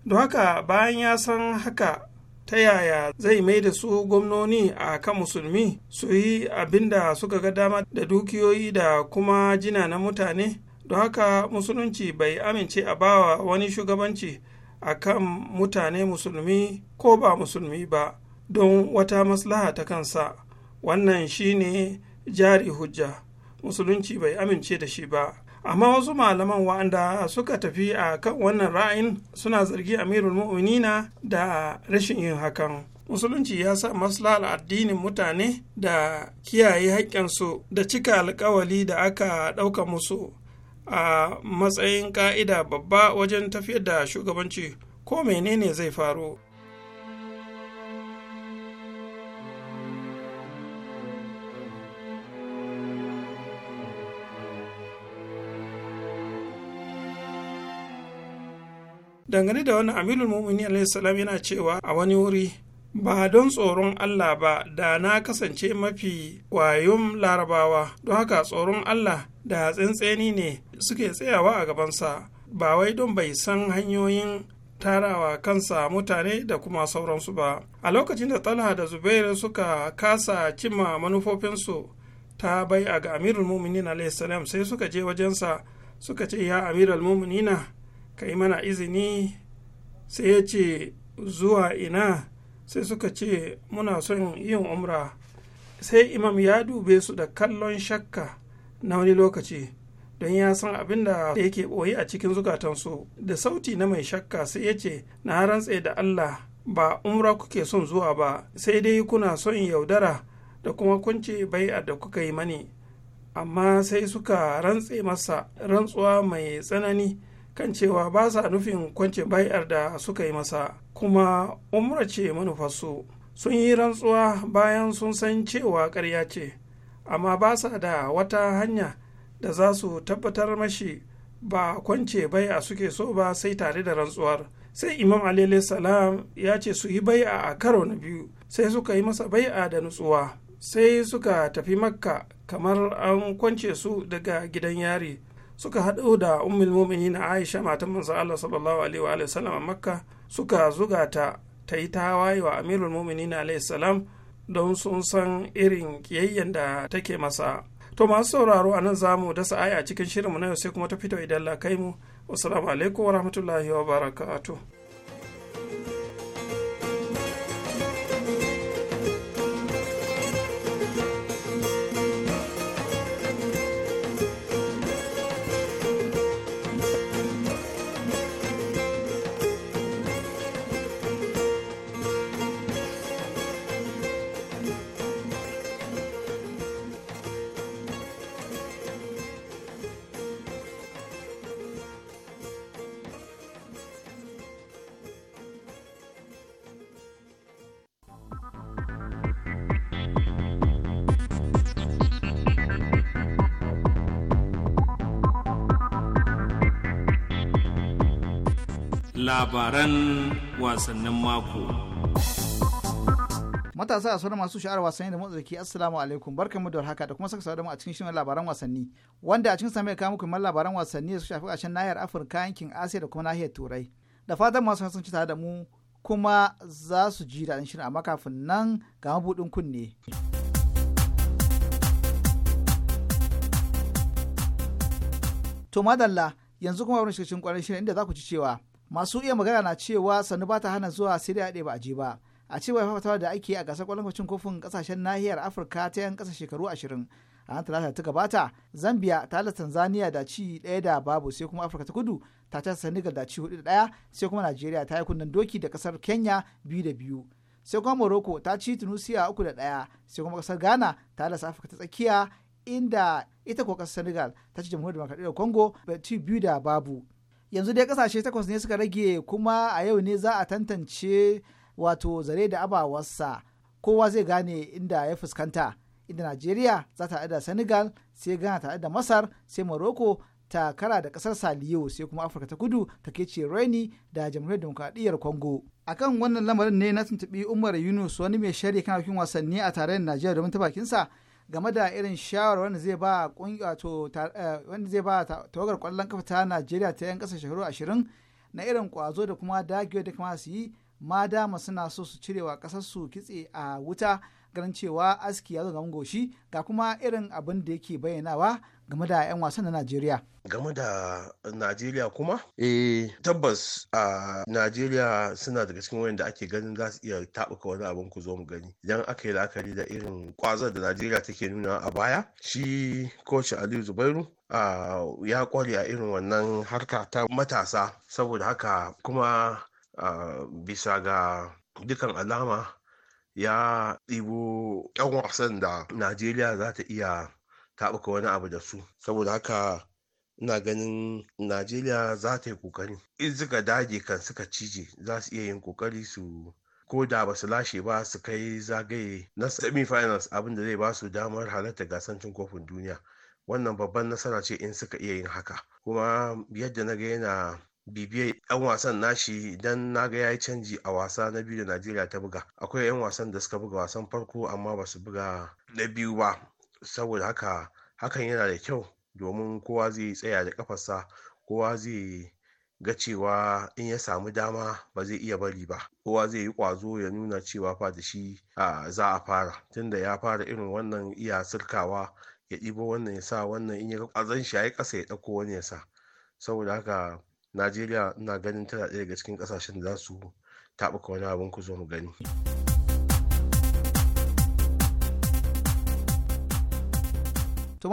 don haka bayan ya san haka ta yaya zai mai da su gwamnoni a kan musulmi su yi abin da suka ga dama da dukiyoyi da kuma jina na mutane don haka musulunci bai amince a bawa wani shugabanci a kan mutane musulmi ko ba musulmi ba don wata maslaha ta kansa wannan shine jari hujja musulunci bai amince da shi ba amma wasu malaman wa'anda suka tafi a kan wannan ra'ayin suna zargi amirul mu'minina da rashin yin hakan musulunci ya sa maslahar addinin mutane da kiyaye haƙƙinsu da cika alkawali da aka ɗauka musu a matsayin ka'ida babba wajen tafiyar da shugabanci ko menene zai faru dangane da wani amirul mumini salam yana cewa a wani wuri ba don tsoron Allah ba da na kasance mafi wayon larabawa don haka tsoron Allah da tsantseni ne suke tsayawa a gabansa ba wai don bai san hanyoyin tarawa kansa mutane da kuma sauransu ba a lokacin da talha da zubair suka kasa cimma manufofinsu ta bai a ga amirul muminin salam sai suka je wajensa suka ce ya amirul muminina ka yi mana izini sai ya ce zuwa ina sai suka ce muna son yin umra sai imam ya dube su da kallon shakka na wani lokaci don ya san abin da yake ɓoye a cikin zukatansu da sauti na mai shakka sai ya ce na rantse da allah ba umra kuke son zuwa ba sai dai kuna son yaudara da kuma kunce bai'a da kuka yi mani amma sai suka rantse masa rantsuwa mai tsanani kan cewa ba sa nufin kwance bai'ar da suka yi masa kuma umra ce manufarsu sun yi rantsuwa bayan sun san cewa ƙarya ce amma ba sa da wata hanya da za su tabbatar mashi ba kwance bai'a suke so ba sai tare da rantsuwar sai imam alele salam ya ce su yi bai'a a karo na biyu sai suka yi masa bai'a da nutsuwa sai suka tafi makka kamar an kwance su daga gidan yari suka haɗu da ummul mu'minin Aisha matan manzon Allah sallallahu alaihi wa sallam a Makka suka zuga ta ta yi waye wa Amirul Mu'minin alaihi salam don sun san irin kiyayyen da take masa to masu sauraro anan zamu dasa aya cikin shirinmu na yau sai kuma ta fito idan la kai mu assalamu alaikum warahmatullahi wabarakatuh labaran wasannin mako. Matasa a sauran masu sha'ar wasanni da motsa jiki assalamu alaikum barkamu da haka da kuma saka sauran mu a cikin shirin labaran wasanni wanda a cikin samai kawo muku man labaran wasanni da su shafi ƙarshen nahiyar Afirka yankin Asiya da kuma nahiyar Turai. Da fatan masu sun ci tare da mu kuma za su ji daɗin shirin amma kafin nan ga mabuɗin kunne. To madalla yanzu kuma wani shirin kwanan shirin inda za ku ci cewa masu iya magana na cewa sannu ba ta hana zuwa sai dai ba a je ba a cewar fafatawa da ake a gasar kwallon kofin kasashen nahiyar afirka ta yan kasa shekaru ashirin a ranar talata ta gabata zambia ta da tanzania da ci daya da babu sai kuma afirka ta kudu ta ta senegal da ci hudu da daya sai kuma nigeria ta yi kunnen doki da kasar kenya biyu da biyu sai kuma morocco ta ci tunisia uku da daya sai kuma kasar ghana ta da afirka ta tsakiya inda ita ko kasar senegal ta ci jamhuriyar demokradiyyar congo ci biyu da babu yanzu dai kasashe takwas ne suka rage kuma a yau ne za a tantance wato zare da abawarsa kowa zai gane inda ya fuskanta inda najeriya za ta da senegal sai ghana tare da masar sai morocco ta kara da kasar saliyo sai kuma afirka ta kudu ta ce raini da jamhuriyar demokradiyyar congo akan wannan lamarin ne na tuntuɓi umar yunus wani mai shari kan wasanni a tarayyar najeriya domin ta bakinsa game da irin shawar wanda zai ba to eh, wanda zai ba tawagar kwallon kafa ta Najeriya ta yan kasa shekaru ashirin na irin kwazo da kuma dagewa da kuma su yi ma dama suna so su cirewa kasar su kitse a wuta maganganun cewa aski ya zama goshi ga kuma irin abin da yake bayyanawa game da 'yan wasan na Najeriya. Game da Najeriya kuma? Eh tabbas a Najeriya suna daga cikin da ake ganin za su iya taɓuka wani abin ku zo mu gani. Idan aka yi la'akari da irin kwazar da Najeriya take nuna a baya, shi koci Aliyu Zubairu ya kware a irin wannan harka ta matasa saboda haka kuma bisa ga dukan alama ya ɗibo 'yan wasan da najeriya za ta iya taɓuka wani abu da su saboda haka ina ganin najeriya za ta yi kokari in suka dage kan suka cije za su iya yin kokari su ko da ba su lashe ba su kai zagaye na semi-finals abin da zai ba su damar halarta gasar cin kofin duniya wannan babban nasara ce in suka iya yin haka kuma yadda na ga yana bibiyar yan wasan nashi idan na ga ya yi canji a wasa na biyu da najeriya ta buga akwai yan wasan da suka buga wasan farko amma ba su buga na biyu ba saboda haka hakan yana da kyau domin kowa zai tsaya da kafarsa kowa zai ga cewa in ya samu dama ba zai iya bari ba kowa zai yi kwazo ya nuna cewa fa da shi za a fara tunda ya fara irin wannan iya sirkawa ya ɗibo wannan ya sa wannan in ya kwazon shi ya yi ƙasa ya ɗauko wani ya sa saboda haka najeriya ina ganin tana ɗaya daga cikin ƙasashen da za su taɓuka wani abin ku zo mu gani to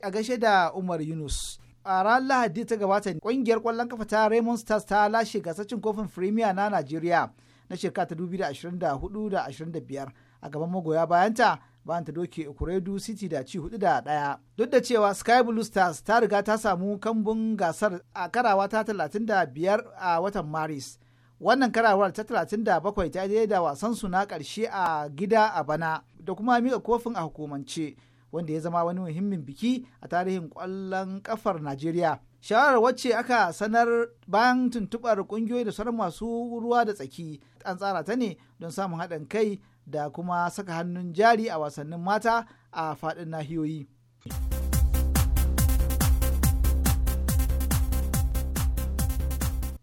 a gaishe da umar yunus a ranar lahadi ta gabata ƙungiyar ƙwallon kafa ta raymond stars ta lashe gasar kofin premier na najeriya na shekara ta 2024 da 25 a gaban magoya bayanta bayan ta doke Ukuredu City da ci hudu da daya. Duk da cewa Sky Blue Stars ta riga ta samu kambun gasar a karawa ta talatin da biyar a watan Maris. Wannan karawar ta talatin da bakwai ta daidai da wasansu na karshe a gida a bana da kuma mika kofin a hukumance wanda ya zama wani muhimmin biki a tarihin kwallon ƙafar Najeriya. shawarar wacce aka sanar bayan tuntuɓar ƙungiyoyi da sauran masu ruwa da tsaki an tsara ta ne don samun haɗin kai da kuma saka hannun jari a wasannin mata a faɗin nahiyoyi.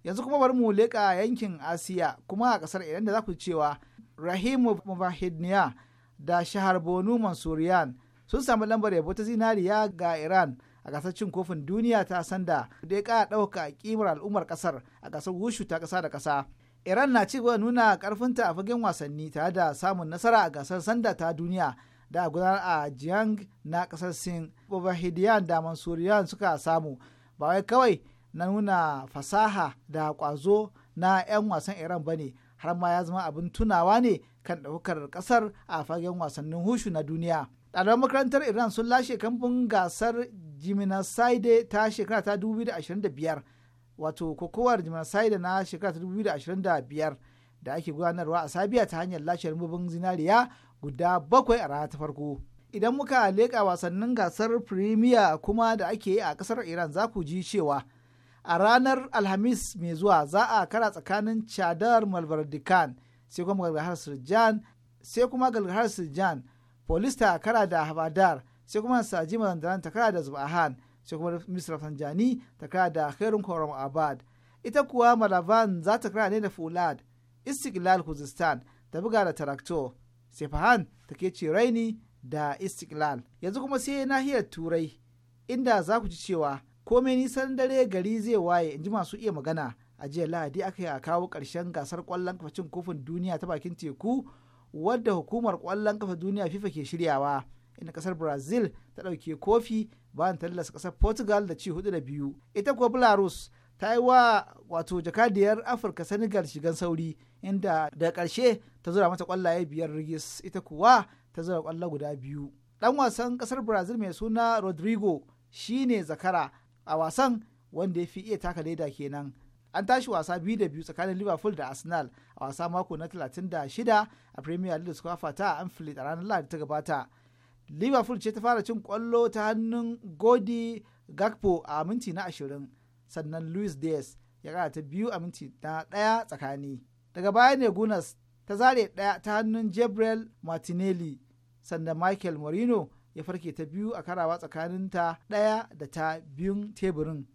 yanzu kuma bari mu leƙa yankin asiya kuma a ƙasar iran da za ku cewa rahimu mubahidniya da shahar bonu mansuriyan sun samu lambar yabo ta zinariya ga iran a gasar cin kofin duniya ta sanda da ya ƙara ɗauka ƙimar al'ummar ƙasar a ƙasar wushu ta ƙasa da ƙasa iran na ci gaba nuna karfinta a fagen wasanni tare da samun nasara a gasar sanda ta duniya da a gudanar a jiang na kasar sin Bobahidiyan da mansuriyan suka samu ba wai kawai na nuna fasaha da kwazo na 'yan wasan iran ba ne har ma ya zama abin tunawa ne kan ɗaukar kasar a fagen wasannin hushu na duniya ɗaliban makarantar iran sun lashe kamfin gasar jiminaside ta shekara ta 2025 wato kokowar jimasai da na shekara 2025 da ake gudanarwa a sabiya ta hanyar lashe rububin zinariya guda bakwai a rana ta farko idan muka leƙa wasannin gasar firimiya kuma da ake yi a ƙasar iran za ku ji cewa a ranar alhamis mai zuwa za a kara tsakanin chadar malbardikan sai kuma galgahar sirjan sai kuma galgahar sirjan polista kara da habadar sai kuma sajima zandaran ta kara da zubahan sai kuma Mr. Tanjani ta kara da Khairun Koram Abad ita kuwa Malavan za ta kara ne da Fulad Istiklal Kuzistan ta buga da Tarakto sai Fahan ta ke ce Raini da Istiklal yanzu kuma sai nahiyar Turai inda za ku ci cewa komai nisan dare gari zai waye in ji masu iya magana a jiya lahadi aka yi a kawo ƙarshen gasar ƙwallon cin kofin duniya ta bakin teku wadda hukumar ƙwallon kafa duniya fifa ke shiryawa inda kasar brazil ta ɗauke kofi bayan tallasa kasar portugal da ci hudu da biyu ita kuwa belarus ta yi wa wato jakadiyar afirka senegal shigan sauri inda da ƙarshe ta zura mata ƙwallaye biyar rigis ita kuwa ta zura ƙwallo guda biyu ɗan wasan kasar brazil mai suna rodrigo shine zakara a wasan wanda ya fi iya taka leda kenan an tashi wasa biyu da biyu tsakanin liverpool da arsenal a wasa mako na 36 a premier league da suka fata a anfield a ranar lahadi ta gabata liverpool ce ta fara cin kwallo ta hannun godi gakpo a minti na ashirin sannan luis diaz ya kara ta biyu a minti na ɗaya tsakani daga baya ne gunas ta zare ɗaya ta hannun jebrel martinelli sannan michael morino ya farke ta biyu a karawa tsakanin ta ɗaya da ta biyun teburin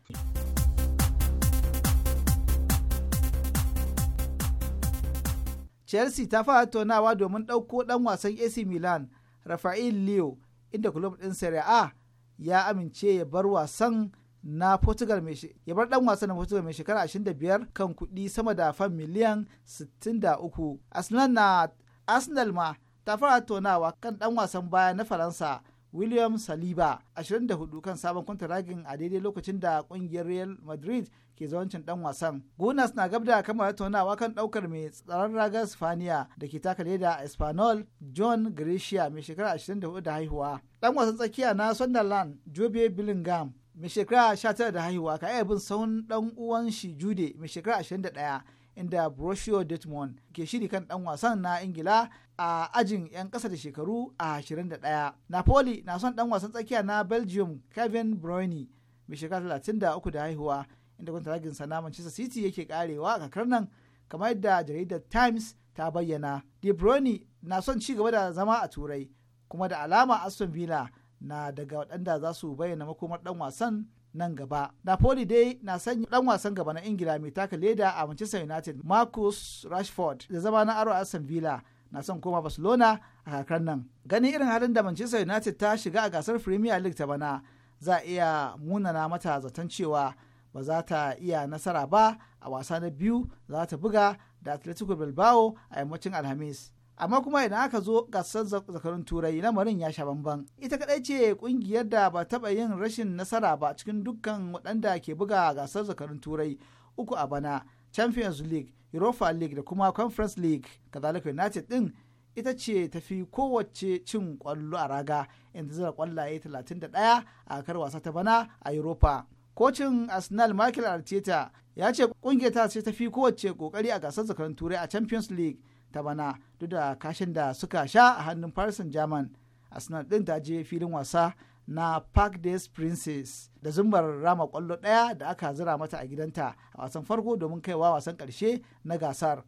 chelsea ta fara tonawa domin ɗauko ɗan wasan ac milan rafael Leo inda kulob ɗin Serie A ya amince ya bar wasan na Portugal mai ya bar dan wasan na Portugal mai shekara 25 kan kuɗi sama da fan miliyan 63. Arsenal na Arsenal ma ta fara tonawa kan dan wasan baya na Faransa william saliba 24 kan sabon ragin a daidai lokacin da kungiyar real madrid ke zawancin dan wasan gunas na gabda da kamar tattaunawa kan daukar mai tsaron ragar spaniya da ke takale da espanol john gracia mai shekara 24 da haihuwa dan wasan tsakiya na sunderland jobe billingham mai shekara 19 da haihuwa ka iya bin sahun dan uwan shi jude mai shekara 21 inda borussia dortmund ke shiri kan dan wasan na ingila a ajin 'yan ƙasa da shekaru a 21. Napoli na son ɗan wasan tsakiya na Belgium Kevin Bruyne mai shekara 33 da haihuwa inda kwantaragin na Manchester City yake karewa a kakar nan kamar yadda jaridar Times ta bayyana. De Bruyne na son ci gaba da zama a Turai kuma da alama Aston Villa na daga waɗanda za su bayyana makomar ɗan wasan nan gaba. Napoli dai na sanya dan wasan gaba na Ingila mai taka leda a Manchester United Marcus Rashford da zama na aro Aston Villa na son koma barcelona a kakar nan ganin irin halin da manchester united ta shiga a gasar premier league ta bana za a iya munana mata zaton cewa ba za ta iya nasara ba a wasa na biyu za ta buga da atletico bilbao a yammacin alhamis amma kuma idan aka zo gasar zakarun turai lamarin ya sha bamban ita kadai ce kungiyar da ba taba yin rashin nasara ba cikin dukkan waɗanda ke buga gasar zakarun turai uku a bana champions league europa league da kuma conference league kazalika united din ita ce tafi kowace cin kwallo a raga inda zira kwallaye 31 a kar wasa ta bana a europa kocin arsenal michael arteta ya ce kungiyar ta ce tafi kowace kokari a gasar zakarun turai a champions league ta bana duk da kashin da suka sha a hannun paris saint german arsenal din ta je filin wasa na park days princess da zumbar rama kwallo ɗaya da aka zira mata a gidanta a wasan farko domin kaiwa wasan ƙarshe na gasar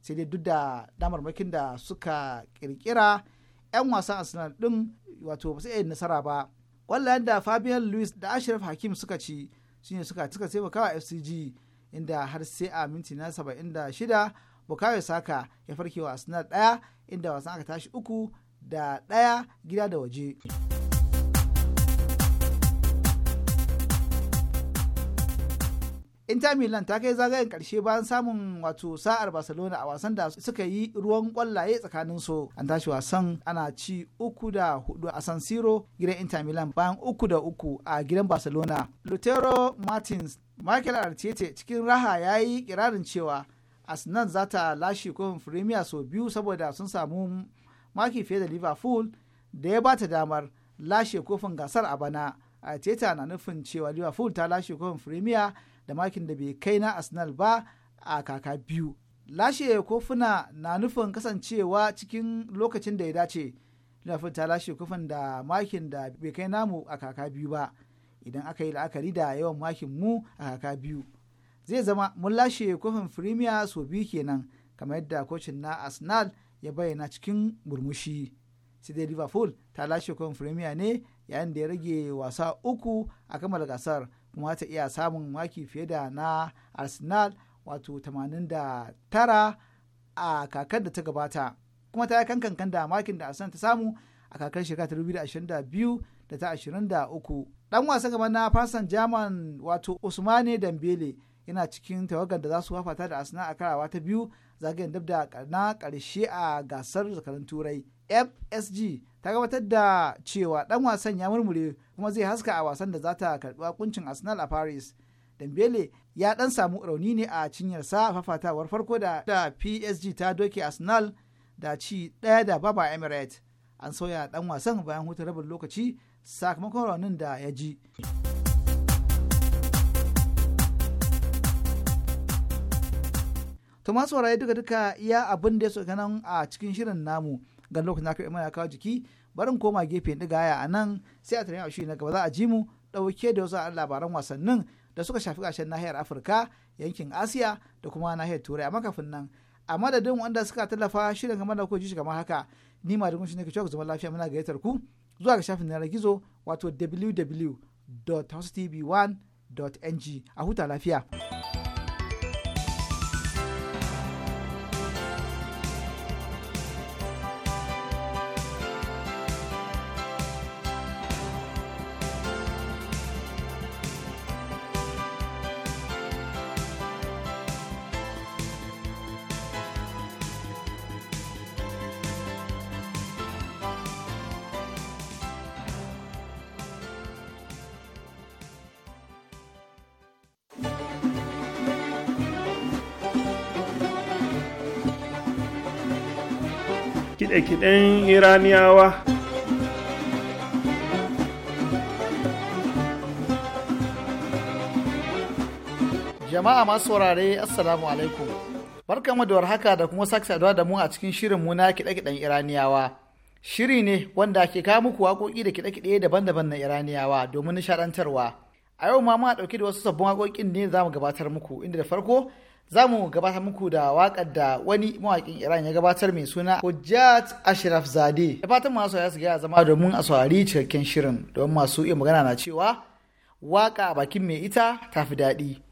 sai dai duk da damarmakin da suka kirkira 'yan wasan arsenal ɗin wato ba su iya nasara ba kwallayen da fabian luis da ashraf hakim suka ci shine suka cika sai taimakawa fcg inda har sai a minti na 76 bukayo saka ya farkewa arsenal ɗaya inda wasan aka tashi uku da ɗaya gida da waje. inter milan ta kai zagayen karshe bayan samun wato sa'ar barcelona a wasan da suka yi ruwan kwallaye tsakanin su an tashi wasan ana ci uku da hudu a san siro gidan inter milan bayan uku da uku a gidan barcelona lutero martins michael arteta cikin raha ya yi kirarin cewa arsenal za ta lashe kofin premier sau biyu saboda sun samu maki fiye da liverpool da ya bata damar lashe kofin gasar a bana arteta na nufin cewa liverpool ta lashe kofin premier da makin da bai kai na arsenal ba a kaka biyu lashe kofuna na nufin kasancewa cikin lokacin da ya dace liverpool ta lashe kofin da makin da bai kai namu a kaka biyu ba idan aka yi la'akari da yawan makin mu a kaka biyu zai zama mun lashe kofin firimiya so biyu kenan kamar yadda kocin na arsenal ya bayyana cikin murmushi sai dai liverpool ta lashe kofin firimiya ne yayin da ya rage wasa uku a kammala gasar kuma ta iya samun maki fiye da na arsenal wato 89 a kakar da ta gabata kuma ta yi kankan da makin da arsenal ta samu a kakar shekara ta 2022 da ta 23 dan wasa gaban na fasan german wato usmane dambele yana cikin tawagar da za su wafata da arsenal a karawa ta biyu zagayen dab da na karshe a gasar zakarin turai fsg ta gabatar da cewa dan wasan ya murmure kuma zai haska a wasan da zata ta karbi kuncin arsenal a paris dembele ya dan samu rauni ne a cinyarsa fafatawar farko da psg ta doke arsenal da ci ɗaya da baba emirates an sauya dan wasan bayan hutun rabin lokaci sakamakon raunin da ya ji to masu duka duka iya abin da ya so nan a cikin shirin namu gan lokacin da aka mana kawo jiki barin koma gefe ɗiga a nan sai a tare a shiri gaba za a ji mu ɗauke da wasu labaran wasannin da suka shafi ƙarshen nahiyar afirka yankin asiya da kuma nahiyar turai amma kafin nan a madadin wanda suka tallafa shirin game da kuka kamar haka ni ma dugun shi ne ka cewa zaman lafiya muna gayyatar ku zuwa ga shafin yanar gizo wato www.hostv1.ng a huta lafiya. kiɗe-kiɗen iraniyawa jama'a masu saurare assalamu alaikum barka da haka da kuma sake saduwa da mu a cikin shirin mu na kiɗe-kiɗen iraniyawa shiri ne wanda ke kawo muku waƙoƙi da kiɗe-kiɗe daban-daban na iraniyawa domin nishaɗantarwa a yau ma muna ɗauke da wasu sabbin waƙoƙin ne za mu gabatar muku inda da farko za mu gabatar muku da wakar da wani mawakin iran ya gabatar mai suna hujjat ashraf zade da fatan masu ya gaya zama domin a saurari cikakken shirin don masu iya magana na cewa waka bakin mai ita tafi daɗi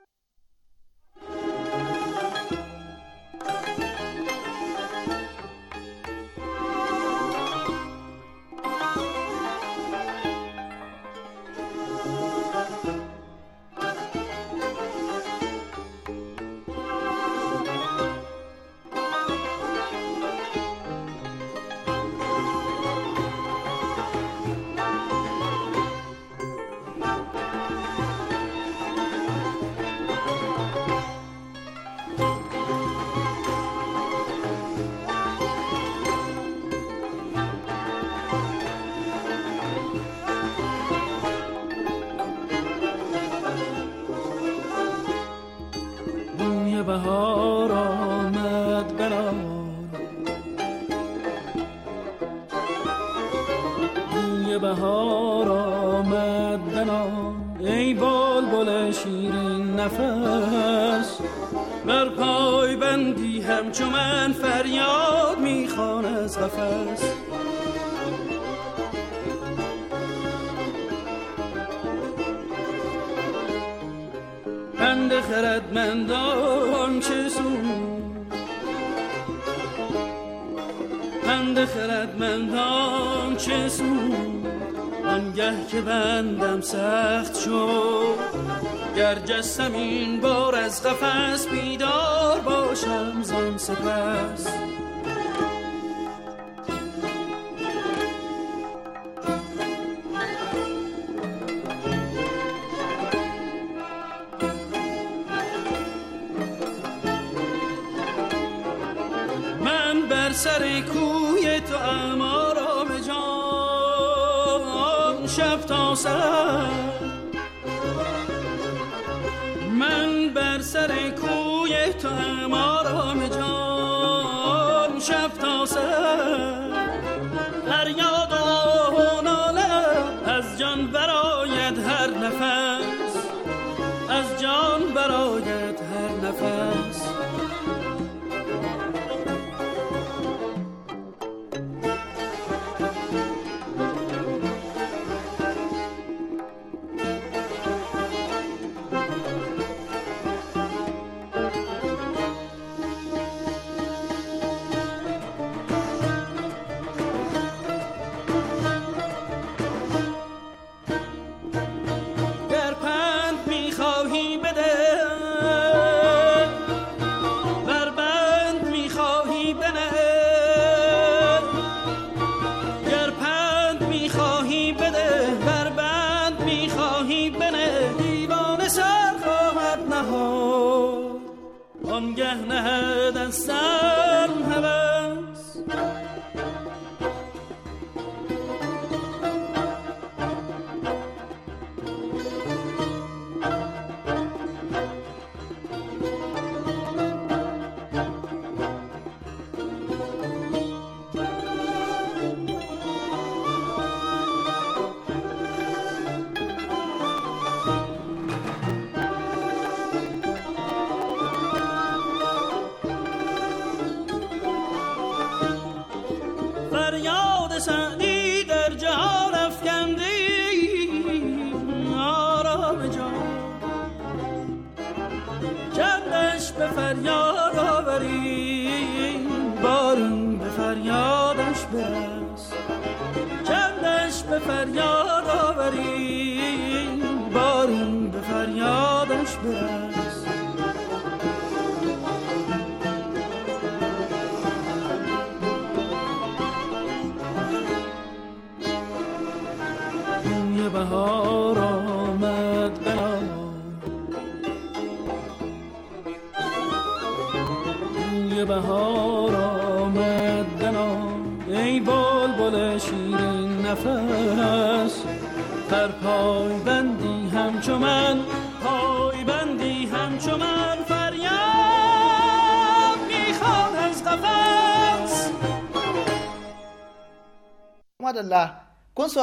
شب تا سر من بر سر کوی تو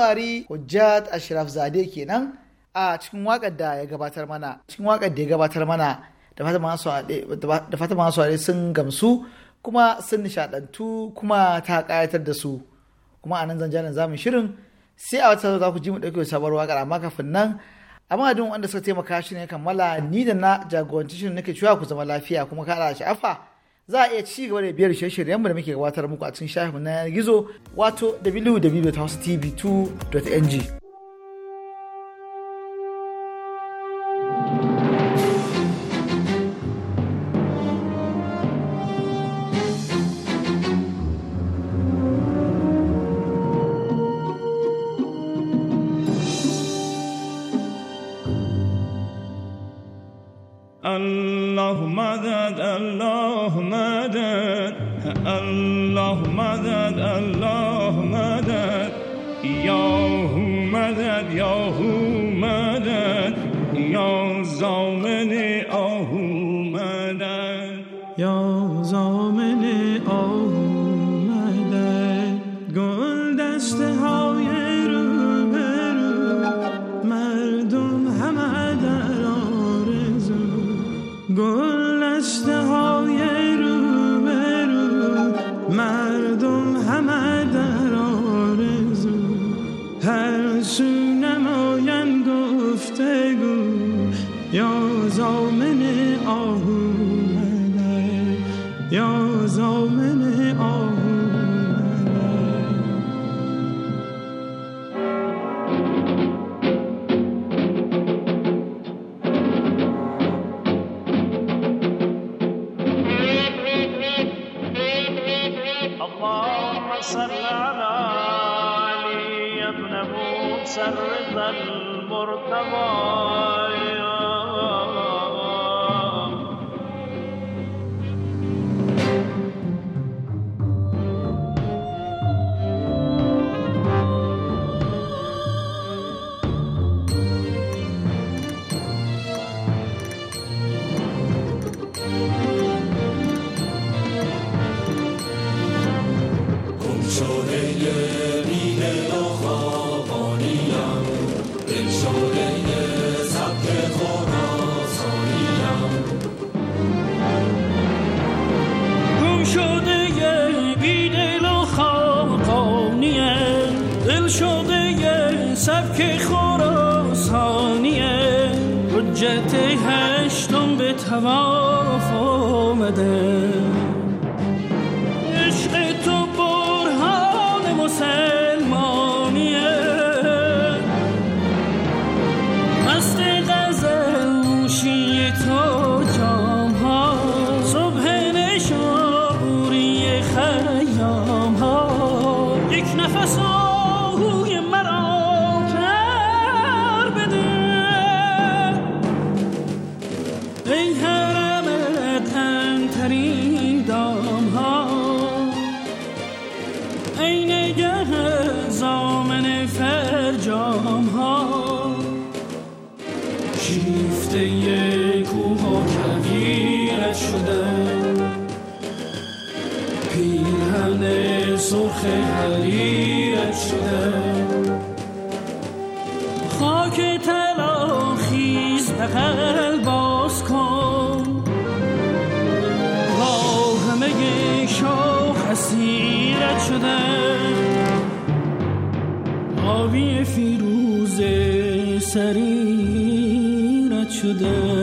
saurari hujjat ashraf zade kenan a cikin wakar da ya gabatar mana cikin wakar da ya gabatar mana da fata masu sun gamsu kuma sun nishadantu kuma ta kayatar da su kuma a nan zanjanin zamun shirin sai a wata za ku ji mu ɗauke sabuwar wakar amma kafin nan amma duk wanda suka taimaka shi ne kammala ni da na jagoranci shirin nake cewa ku zama lafiya kuma ka shi afa za a iya ci gaba da biyar shirye-shiryenmu da muke gabatar muku a cikin shafin na gizo wato wwwtv 2ng را شده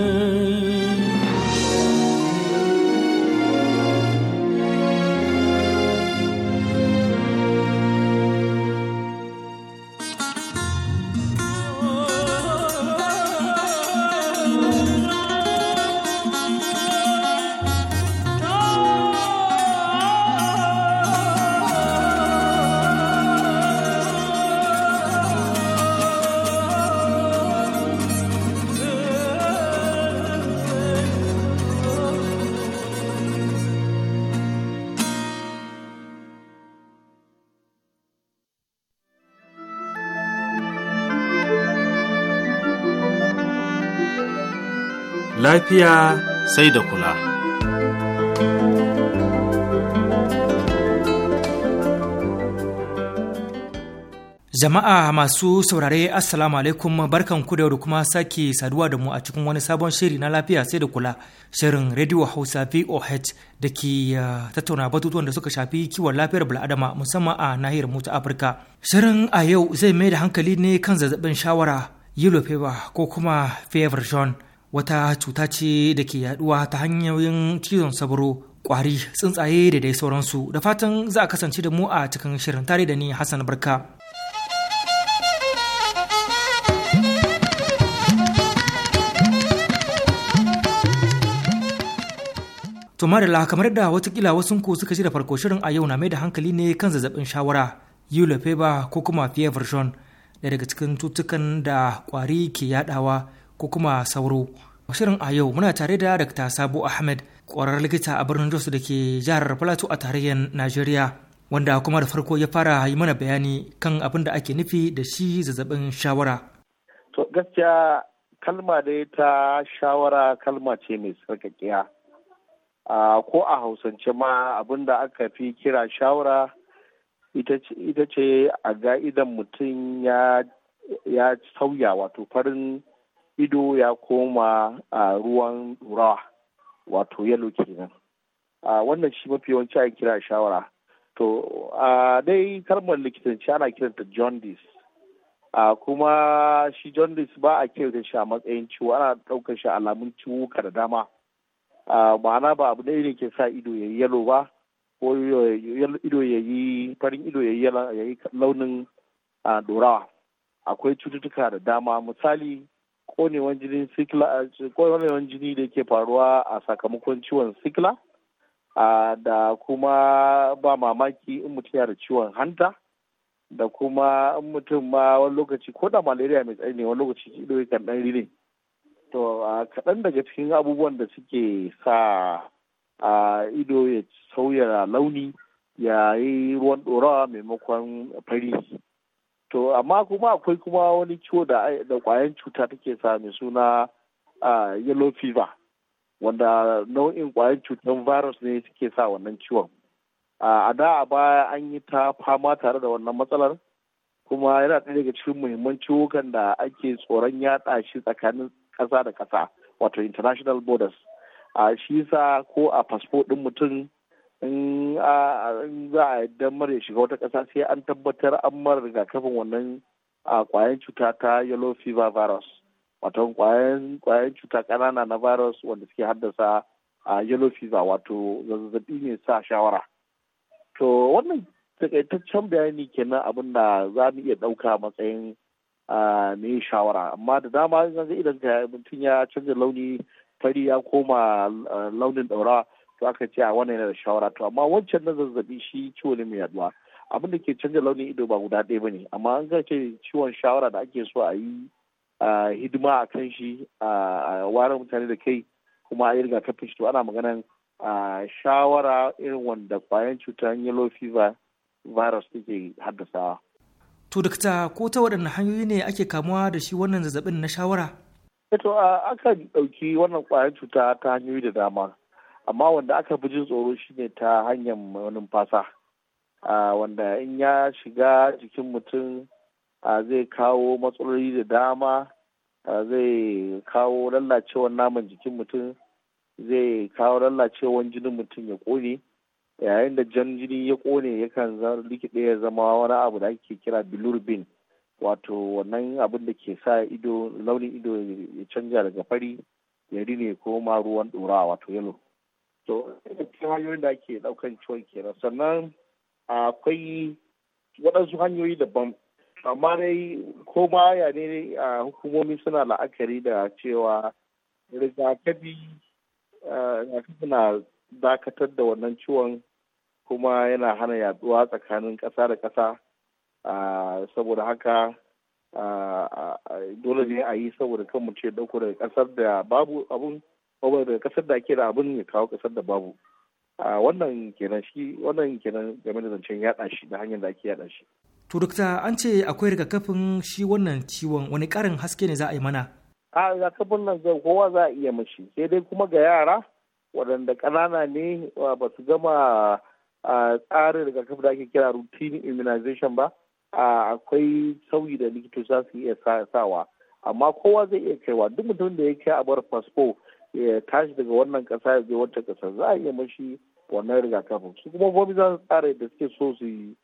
lafiya sai da kula. Jama'a masu saurare Assalamu alaikum barkan ku da kuma sake saduwa da mu a cikin wani sabon shiri na lafiya sai da kula shirin Radio Hausa VOH da ke uh, tattauna batutuwan da suka shafi kiwon lafiyar bil'adama musamman a nahiyar mu ta Afirka. Shirin a yau zai mai da hankali ne kan zazzabin shawara yellow fever ko kuma fever zone wata cuta ce da ke yaduwa ta hanyoyin cizon sabro kwari tsuntsaye da dai sauransu da fatan za a kasance da mu a cikin shirin tare da ni hassan barka to marila kamar da watakila wasu ku suka ji da farko shirin a yau na mai da hankali ne kan zazzabin shawara yule ko kuma fiye version daga cikin cutukan da kwari ke yadawa ko kuma sauro. Shirin a yau muna tare da Dr. Sabo Ahmed, ƙwararren likita a birnin Jos da ke jihar Plateau a tarayyar Najeriya, wanda kuma da farko ya fara yi mana bayani kan abin da ake nufi da shi zazzabin shawara. To gaskiya kalma dai ta shawara kalma ce mai sarkakiya. ko a hausance ma abin da aka fi kira shawara ita ce a ga'idan mutum ya sauya wato farin ido ya koma a ruwan rawa wato yalo kenan a wannan shi mafi yawanci a kira shawara to a dai kalmar likitanci ana kiranta jaundice a kuma shi jaundice ba a kiranta shi a matsayin ciwo ana ɗaukar shi alamun ka da dama ma'ana ba abu ɗaya ne ke sa ido ya yi yalo ba ko ido ya yi farin ido ya yi launin dorawa akwai cututtuka da dama misali konewan jinin sikla konewan jini da ke faruwa a sakamakon ciwon sikla da kuma ba mamaki in mutum yana da ciwon hanta da kuma in mutum ma wani lokaci ko da malaria mai tsanani wani lokaci ido kan dan rine to kaɗan daga cikin abubuwan da suke sa ido ya sauya launi ya yi ruwan ɗorawa maimakon fari to amma kuma akwai kuma wani ciwo da da kwayan cuta take sa mai suna yellow fever wanda nau'in kwayan cutar virus ne suke sa wannan ciwon a da a baya an yi ta fama tare da wannan matsalar kuma yana ɗaya daga cikin muhimman ciwukan da ake tsoron yaɗa shi tsakanin ƙasa da ƙasa wato international borders a shi sa ko a fasfo ɗin mutum in za a yadda mara shiga wata ƙasa sai an tabbatar an mara rigakafin wannan kwayan cuta ta yellow fever virus wato kwayan cuta ƙanana na virus wanda suke haddasa a yellow fever wato zazzabi ne sa shawara to wannan takaitaccen bayani kenan abin da za mu iya ɗauka matsayin ne shawara amma da dama idan mutum ya canza launi fari ya koma launin ɗaurawa to aka ce a wannan yana da shawara to amma wancan na zazzabi shi ciwo ne mai yaduwa abin da ke canza launin ido ba guda ɗaya bane amma an ga ce ciwon shawara da ake so a yi hidima a kan shi a ware mutane da kai kuma a yi rigakafin shi to ana maganan shawara irin wanda kwayan cutar yellow fever virus take haddasawa. To dakta ko ta waɗanne hanyoyi ne ake kamuwa da shi wannan zazzabin na shawara? Eto eh, aka ɗauki wannan kwayan cuta ta hanyoyi da dama. amma wanda aka fi jin tsoro shine ta hanyar numfasa wanda in ya shiga jikin mutum zai kawo matsaloli da dama zai kawo lallacewar naman jikin mutum zai kawo lallacewar jinin mutum ya kone yayin da jan jini ya ƙone kan likita ya zama wani abu da ake kira bilirubin wato wannan abin da ke sa ido launin ido ya canja daga fari ya rine koma ruwan dorawa wato yalo to cikin hanyoyin da ake daukan ciwon kenan sannan akwai waɗansu hanyoyi daban amma dai ko ma ya ne a hukumomi suna la'akari da cewa rigakafi eh, na dakatar da wannan ciwon kuma yana hana yaduwa tsakanin ƙasa da ƙasa saboda haka dole ne a yi saboda kan mu ce dauko daga ƙasar da babu abun kawai daga kasar da ake da abin ya kawo kasar da babu a wannan kenan shi wannan kenan game da zancen yada shi da hanyar da ake yaɗa shi to dokta an ce akwai rigakafin shi wannan ciwon wani karin haske ne za a yi mana a rigakafin nan zai kowa za a iya mashi sai dai kuma ga yara wadanda kanana ne ba su gama tsarin rigakafi da ake kira routine immunization ba akwai sauyi da likitoci za su iya sawa amma kowa zai iya kaiwa duk mutum da ya kai a bar fasfo ya tashi daga wannan kasa ya je wata ƙasa za a iya mashi wannan rigakafin su kuma bobi za su tsara da suke so su yi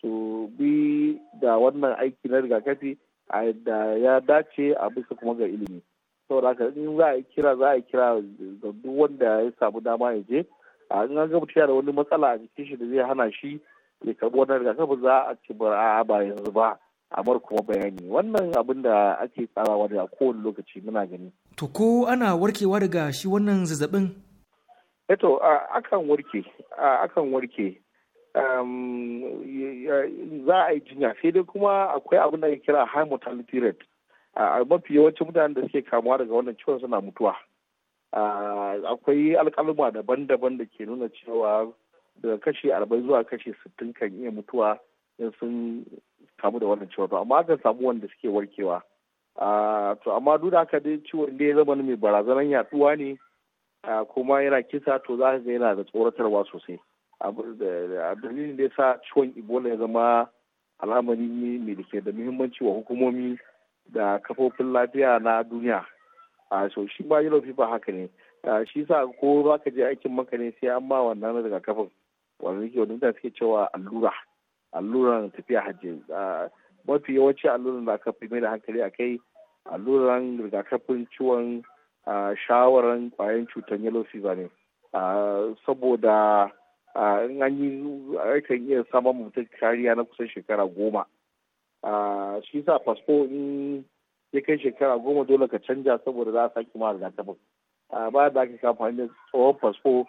su bi da wannan aiki na rigakafi yadda ya dace a bisa kuma ga ilimi saboda haka in za a kira za a kira ga duk wanda ya samu dama ya je a in an ga da wani matsala a jikin shi da zai hana shi ya karɓi wannan rigakafin za a ci ba a ba yanzu ba amar kuma bayani wannan abin da ake tsarawa da kowane lokaci muna gani. To ko ana warkewa daga shi wannan zazzabin? Eto eh akan warke akan warke za a yi jinya sai dai kuma akwai abin da ake kira high mortality rate mafi yawancin mutanen da suke kamuwa daga wannan ciwon suna mutuwa akwai alkalma daban-daban da ke nuna cewa daga kashi arba'in zuwa kashi sittin kan iya mutuwa in sun kamu da wannan ciwon amma akan samu wanda suke warkewa ah, to amma duk da haka dai ciwon da ya zama mai barazanar yaduwa ne ah, kuma yana kisa to za ka ga yana da tsoratarwa sosai a dalilin da ya sa ciwon ibola ya zama al'amari ne mai da ke da muhimmanci wa hukumomi da kafofin lafiya na duniya a ah, so shi ba yi yellow ba haka ne shi sa ko za ka je aikin maka ne sai an ma wannan rigakafin wanda yake wanda suke cewa allura alluran tafiya hajji mafi yawanci alluran da aka fi mai da hankali a kai alluran rigakafin ciwon shawaran kwayan cutar yellow fever ne saboda in an yi aikin iya samun mutum kariya na kusan shekara goma shi sa fasfo in ya kai shekara goma dole ka canja saboda za a sake ma rigakafin ba da aka amfani da tsohon fasfo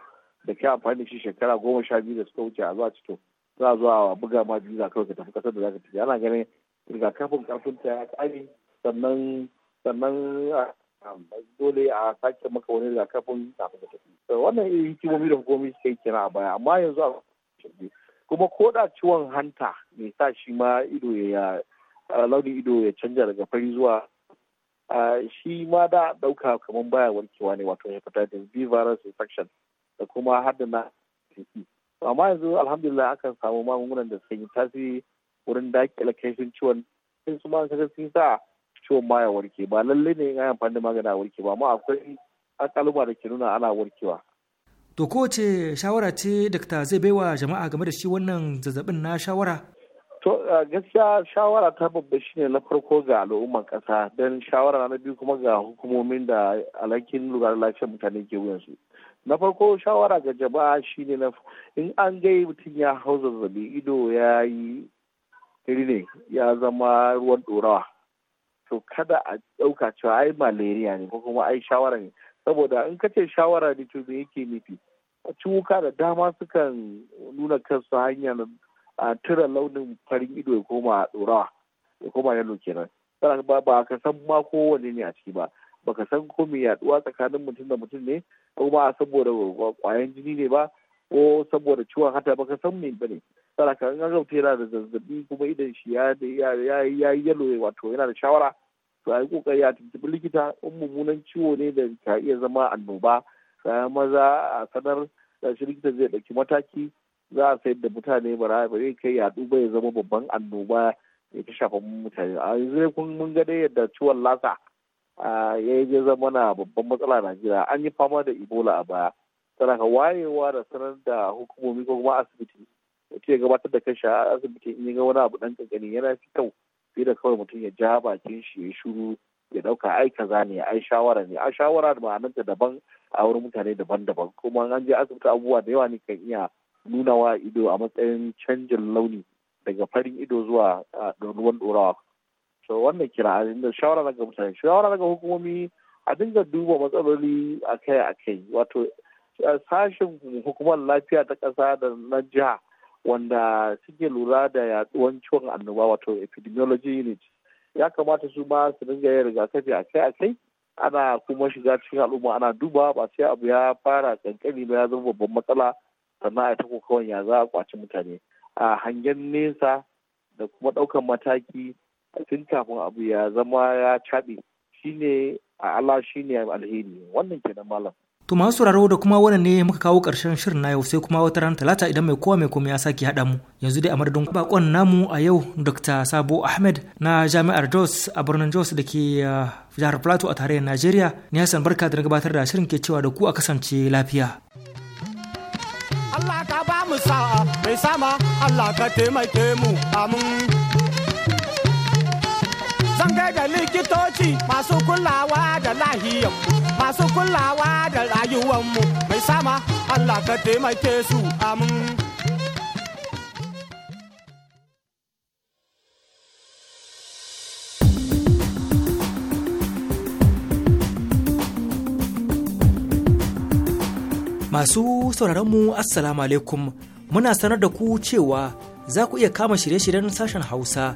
da ke amfani da shi shekara goma sha biyu da suka wuce a zuwa cikin za a buga ma jini kawai ka tafi kasar da za ka tafi ana ganin rigakafin karfin ta ya kare sannan sannan ah, dole a sake maka wani rigakafin kafin ka tafi wannan irin hikimomi da hukumomi suka yi kira a baya amma yanzu a kuma ko da ciwon hanta mai sa shi ma ido ya ah, launin ido ya canja daga fari zuwa ah, shi ma da dauka kamar baya warkewa ne wato hepatitis B virus infection da kuma haddana amma yanzu alhamdulillah akan samu magungunan da suke tasiri wurin daƙile kaifin ciwon in su ma sun sa ciwon ma ya warke ba lallai ne in amfani da a warke ba amma akwai alƙaluma da ke nuna ana warkewa. To kowace shawara ce dakta zai baiwa jama'a game da shi wannan zazzabin na shawara? To gaskiya shawara ta babba shi ne na farko ga al'umman kasa don shawara na biyu kuma ga hukumomin da alhakin lura da lafiyar mutane ke wuyansu. na farko shawara ga jama'a shine na in an gai mutum ya hau zazzabi ido ya yi rine ya zama ruwan dorawa to kada a ɗauka cewa ai malaria ne ko kuma ai shawara ne saboda in ka ce shawara ne to me yake nufi A cuka da dama sukan nuna kansu hanyar a tura launin farin ido ya koma dorawa ya koma yalo kenan ba ka san ma kowane ne a ciki ba baka san ko mai yaduwa tsakanin mutum da mutum ne ko ba saboda kwayan jini ne ba ko saboda ciwon hata baka san me bane tsara ka ga yana da zazzabi kuma idan shi ya ya yalo wato yana da shawara to ai kokari a tuntubi likita in mummunan ciwo ne da ka iya zama annoba sai maza a sanar da shi likita zai dauki mataki za a sayar da mutane ba zai kai yadu ba ya zama babban annoba ya ta shafa mutane a yanzu kun mun ga dai yadda ciwon lasa ya yi zama na babban matsala a Najeriya an yi fama da Ebola a baya. Tana ka wayewa da sanar da hukumomi ko kuma asibiti mutum ya gabatar da shi a asibiti in ya ga wani abu ɗan kankani yana fi kyau fiye da kawai mutum ya ja bakin shi ya shuru ya ɗauka ai kaza ne ai shawara ne a shawara da ta daban a wurin mutane daban-daban kuma an je asibiti abubuwa da yawa ne kan iya nunawa ido a matsayin canjin launi daga farin ido zuwa ruwan ɗorawa so wannan kira da shawara daga mutane shawara daga hukumomi a dinga duba matsaloli a kai a kai wato sashen hukumar lafiya ta ƙasa da na jiha wanda suke lura da yaduwan ciwon annoba wato epidemiology unit ya kamata su ma su dinga yin rigakafi a kai ana kuma shiga cikin al'umma ana duba ba sai abu ya fara kankani ba ya zama babban matsala sannan a ta kokawan ya za a kwaci mutane a hangen nesa da kuma ɗaukan mataki tun kafin abu ya zama ya caɓe shine a ala shine alheri wannan kenan malam to masu sauraro da kuma wannan ne muka kawo karshen shirin na yau sai kuma wata ran talata idan mai kowa mai komai ya sake haɗa mu yanzu dai a madadin bakon namu a yau dr sabo ahmed na jami'ar jos a birnin jos da ke ah, jihar plateau a tarayyar najeriya ni hassan barka da na gabatar da shirin ke cewa da ku a kasance lafiya Allah ka ba mu sa'a mai sama Allah ka taimake mu amin da likitoci masu kulawa da lahiyar masu kulawa da rayuwanmu mai sama Allah ka taimake su amin. Masu sauraronmu Assalamu alaikum muna sanar da ku cewa za ku iya kama shirye-shiryen sashen Hausa